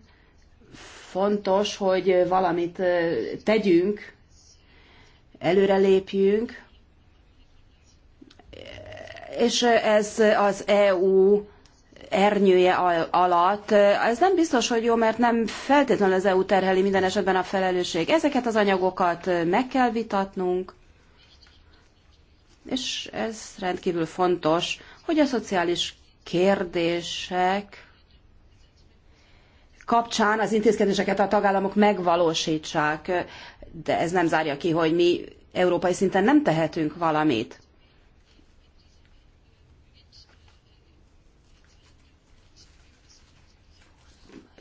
D: fontos, hogy valamit tegyünk, előrelépjünk, és ez az EU ernyője alatt. Ez nem biztos, hogy jó, mert nem feltétlenül az EU terheli minden esetben a felelősség. Ezeket az anyagokat meg kell vitatnunk, és ez rendkívül fontos, hogy a szociális kérdések kapcsán az intézkedéseket a tagállamok megvalósítsák, de ez nem zárja ki, hogy mi európai szinten nem tehetünk valamit.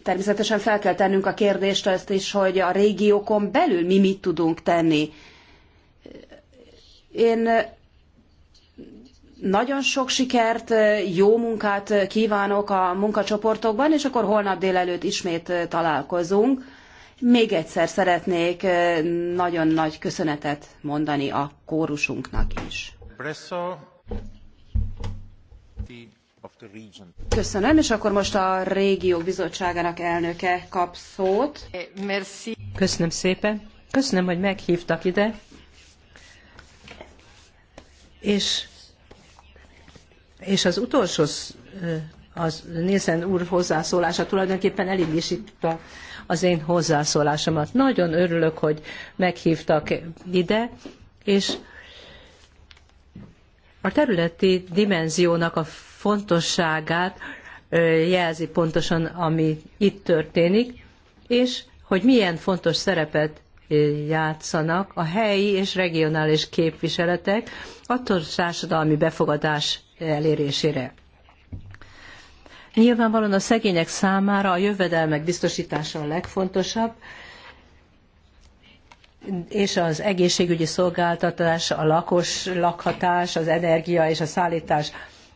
D: Természetesen fel kell tennünk a kérdést azt is, hogy a régiókon belül mi mit tudunk tenni. Én nagyon sok sikert, jó munkát kívánok a munkacsoportokban, és akkor holnap délelőtt ismét találkozunk. Még egyszer szeretnék nagyon nagy köszönetet mondani a kórusunknak is. Köszönöm, és akkor most a régió bizottságának elnöke kap
B: szót. Eh, Köszönöm szépen. Köszönöm, hogy meghívtak ide. És és az utolsó, az Nielsen úr hozzászólása tulajdonképpen a, az én hozzászólásomat. Nagyon örülök, hogy meghívtak ide, és a területi dimenziónak a fontosságát jelzi pontosan, ami itt történik, és hogy milyen fontos szerepet játszanak a helyi és regionális képviseletek a társadalmi befogadás elérésére. Nyilvánvalóan a szegények számára a jövedelmek biztosítása a legfontosabb, és az egészségügyi szolgáltatás, a lakos lakhatás, az energia és a szállítás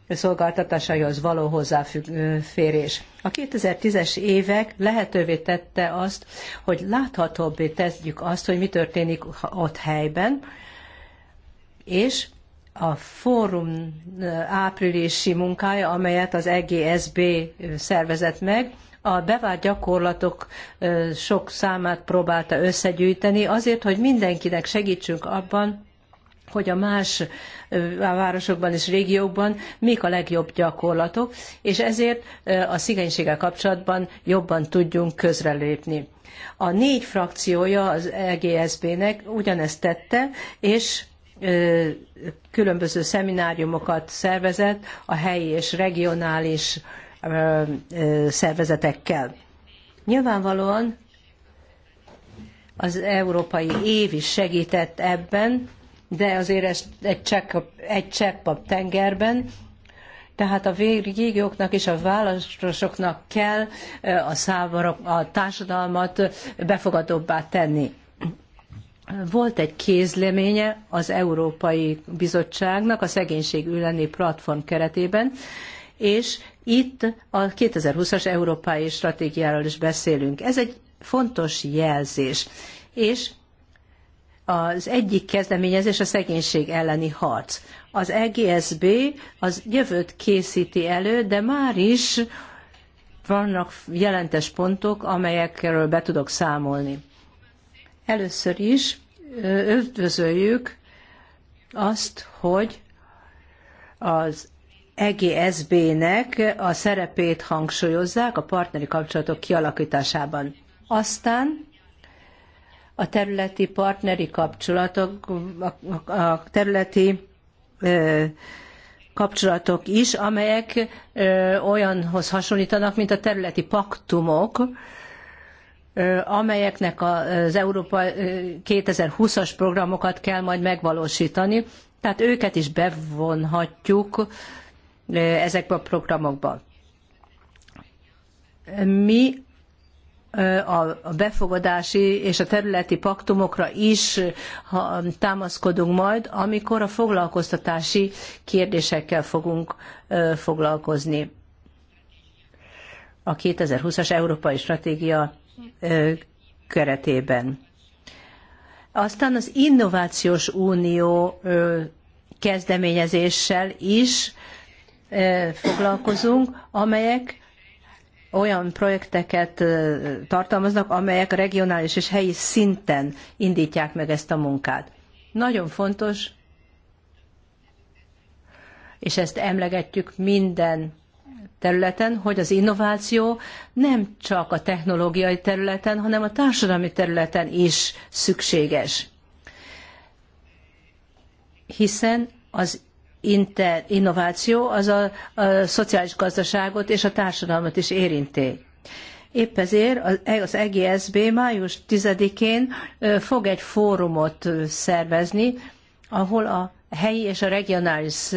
B: szolgáltatásaihoz való hozzáférés. A 2010-es évek lehetővé tette azt, hogy láthatóbbé tegyük azt, hogy mi történik ott helyben, és a fórum áprilisi munkája, amelyet az EGSB szervezett meg, a bevált gyakorlatok sok számát próbálta összegyűjteni, azért, hogy mindenkinek segítsünk abban, hogy a más városokban és régiókban mik a legjobb gyakorlatok, és ezért a szigénységgel kapcsolatban jobban tudjunk közrelépni. A négy frakciója az EGSB-nek ugyanezt tette, és különböző szemináriumokat szervezett a helyi és regionális szervezetekkel. Nyilvánvalóan az európai év is segített ebben, de azért egy csepp, egy csepp a tengerben, tehát a régióknak és a városoknak kell a, számra, a társadalmat befogadóbbá tenni volt egy kézleménye az Európai Bizottságnak a szegénység elleni platform keretében, és itt a 2020-as európai stratégiáról is beszélünk. Ez egy fontos jelzés, és az egyik kezdeményezés a szegénység elleni harc. Az EGSB az jövőt készíti elő, de már is vannak jelentős pontok, amelyekről be tudok számolni. Először is üdvözöljük azt, hogy az EGSB-nek a szerepét hangsúlyozzák a partneri kapcsolatok kialakításában. Aztán a területi partneri kapcsolatok, a területi kapcsolatok is, amelyek olyanhoz hasonlítanak, mint a területi paktumok, amelyeknek az Európa 2020-as programokat kell majd megvalósítani, tehát őket is bevonhatjuk ezekbe a programokba. Mi a befogadási és a területi paktumokra is támaszkodunk majd, amikor a foglalkoztatási kérdésekkel fogunk foglalkozni. A 2020-as Európai Stratégia keretében. Aztán az Innovációs Unió kezdeményezéssel is foglalkozunk, amelyek olyan projekteket tartalmaznak, amelyek regionális és helyi szinten indítják meg ezt a munkát. Nagyon fontos, és ezt emlegetjük minden területen, hogy az innováció nem csak a technológiai területen, hanem a társadalmi területen is szükséges. Hiszen az inter, innováció az a, a szociális gazdaságot és a társadalmat is érinti. Épp ezért az EGSB e május 10-én fog egy fórumot szervezni, ahol a helyi és a regionális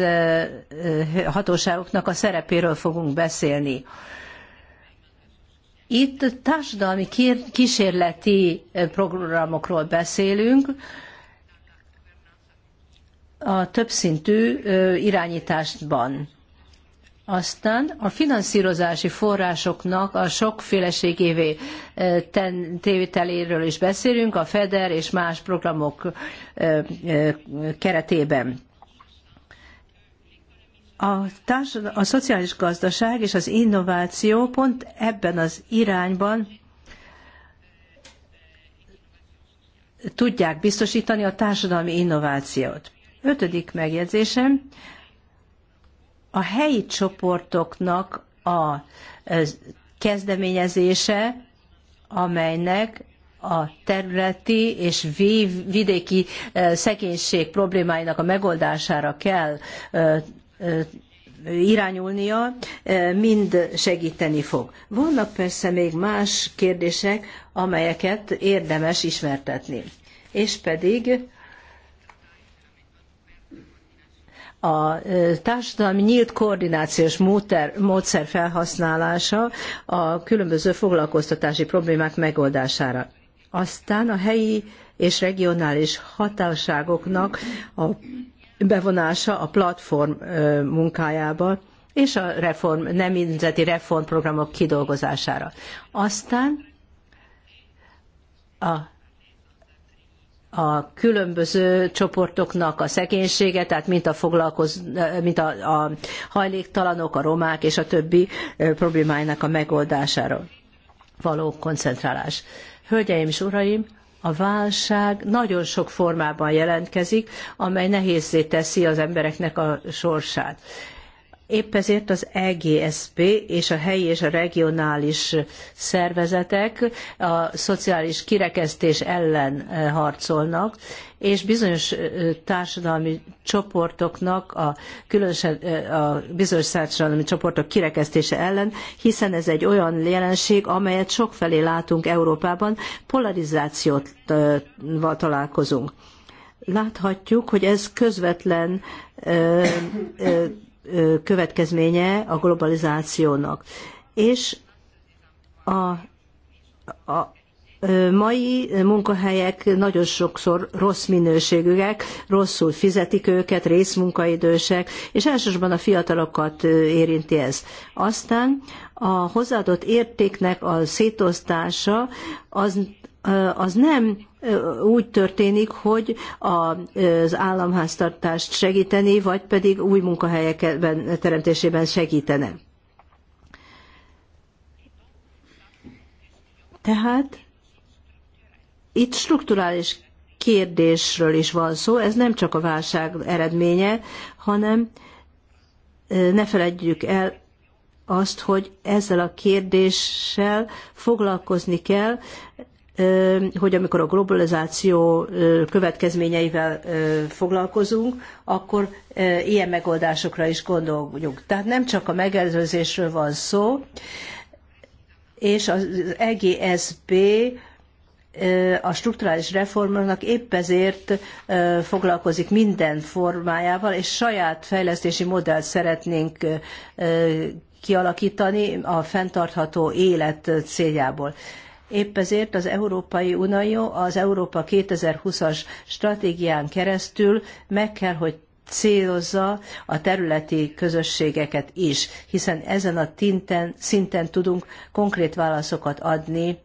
B: hatóságoknak a szerepéről fogunk beszélni. Itt társadalmi kísérleti programokról beszélünk, a többszintű irányításban. Aztán a finanszírozási forrásoknak a sokféleségévé e, téviteléről is beszélünk, a FEDER és más programok e, e, keretében. A, társadal, a szociális gazdaság és az innováció pont ebben az irányban tudják biztosítani a társadalmi innovációt. Ötödik megjegyzésem, a helyi csoportoknak a kezdeményezése, amelynek a területi és vidéki szegénység problémáinak a megoldására kell irányulnia, mind segíteni fog. Vannak persze még más kérdések, amelyeket érdemes ismertetni. És pedig A társadalmi nyílt koordinációs módszer felhasználása a különböző foglalkoztatási problémák megoldására. Aztán a helyi és regionális hatóságoknak a bevonása a platform munkájába, és a reform, nem nemzeti reformprogramok kidolgozására. Aztán a a különböző csoportoknak a szegénysége, tehát mint a, foglalkoz, mint a, a hajléktalanok, a romák és a többi problémáinak a megoldására való koncentrálás. Hölgyeim és uraim, a válság nagyon sok formában jelentkezik, amely nehézzé teszi az embereknek a sorsát. Épp ezért az EGSP és a helyi és a regionális szervezetek a szociális kirekesztés ellen eh, harcolnak, és bizonyos eh, társadalmi csoportoknak, a, különösen eh, a bizonyos társadalmi csoportok kirekesztése ellen, hiszen ez egy olyan jelenség, amelyet sokfelé látunk Európában, polarizációval találkozunk láthatjuk, hogy ez közvetlen ö, ö, következménye a globalizációnak. És a, a mai munkahelyek nagyon sokszor rossz minőségűek, rosszul fizetik őket, részmunkaidősek, és elsősorban a fiatalokat érinti ez. Aztán a hozzáadott értéknek a szétosztása az, az nem úgy történik, hogy az államháztartást segíteni, vagy pedig új munkahelyek teremtésében segítene. Tehát itt strukturális kérdésről is van szó, ez nem csak a válság eredménye, hanem ne feledjük el azt, hogy ezzel a kérdéssel foglalkozni kell, hogy amikor a globalizáció következményeivel foglalkozunk, akkor ilyen megoldásokra is gondoljunk. Tehát nem csak a megelőzésről van szó, és az EGSB a strukturális reformnak épp ezért foglalkozik minden formájával, és saját fejlesztési modellt szeretnénk kialakítani a fenntartható élet céljából. Épp ezért az Európai Unió az Európa 2020-as stratégián keresztül meg kell, hogy célozza a területi közösségeket is, hiszen ezen a tinten, szinten tudunk konkrét válaszokat adni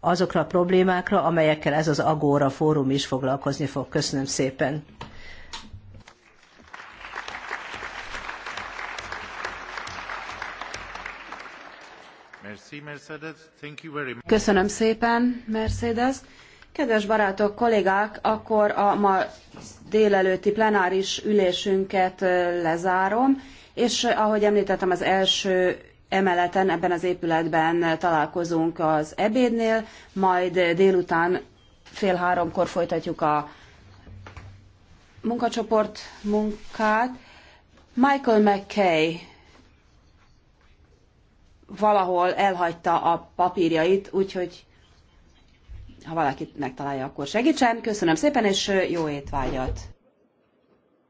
B: azokra a problémákra, amelyekkel ez az Agora Fórum is foglalkozni fog. Köszönöm szépen.
C: Köszönöm
D: szépen, Mercedes. Kedves barátok, kollégák, akkor a ma délelőtti plenáris ülésünket lezárom, és ahogy említettem, az első emeleten, ebben az épületben találkozunk az ebédnél, majd délután fél háromkor folytatjuk a munkacsoport munkát. Michael McKay valahol elhagyta a papírjait, úgyhogy ha valaki megtalálja, akkor segítsen. Köszönöm szépen, és jó étvágyat!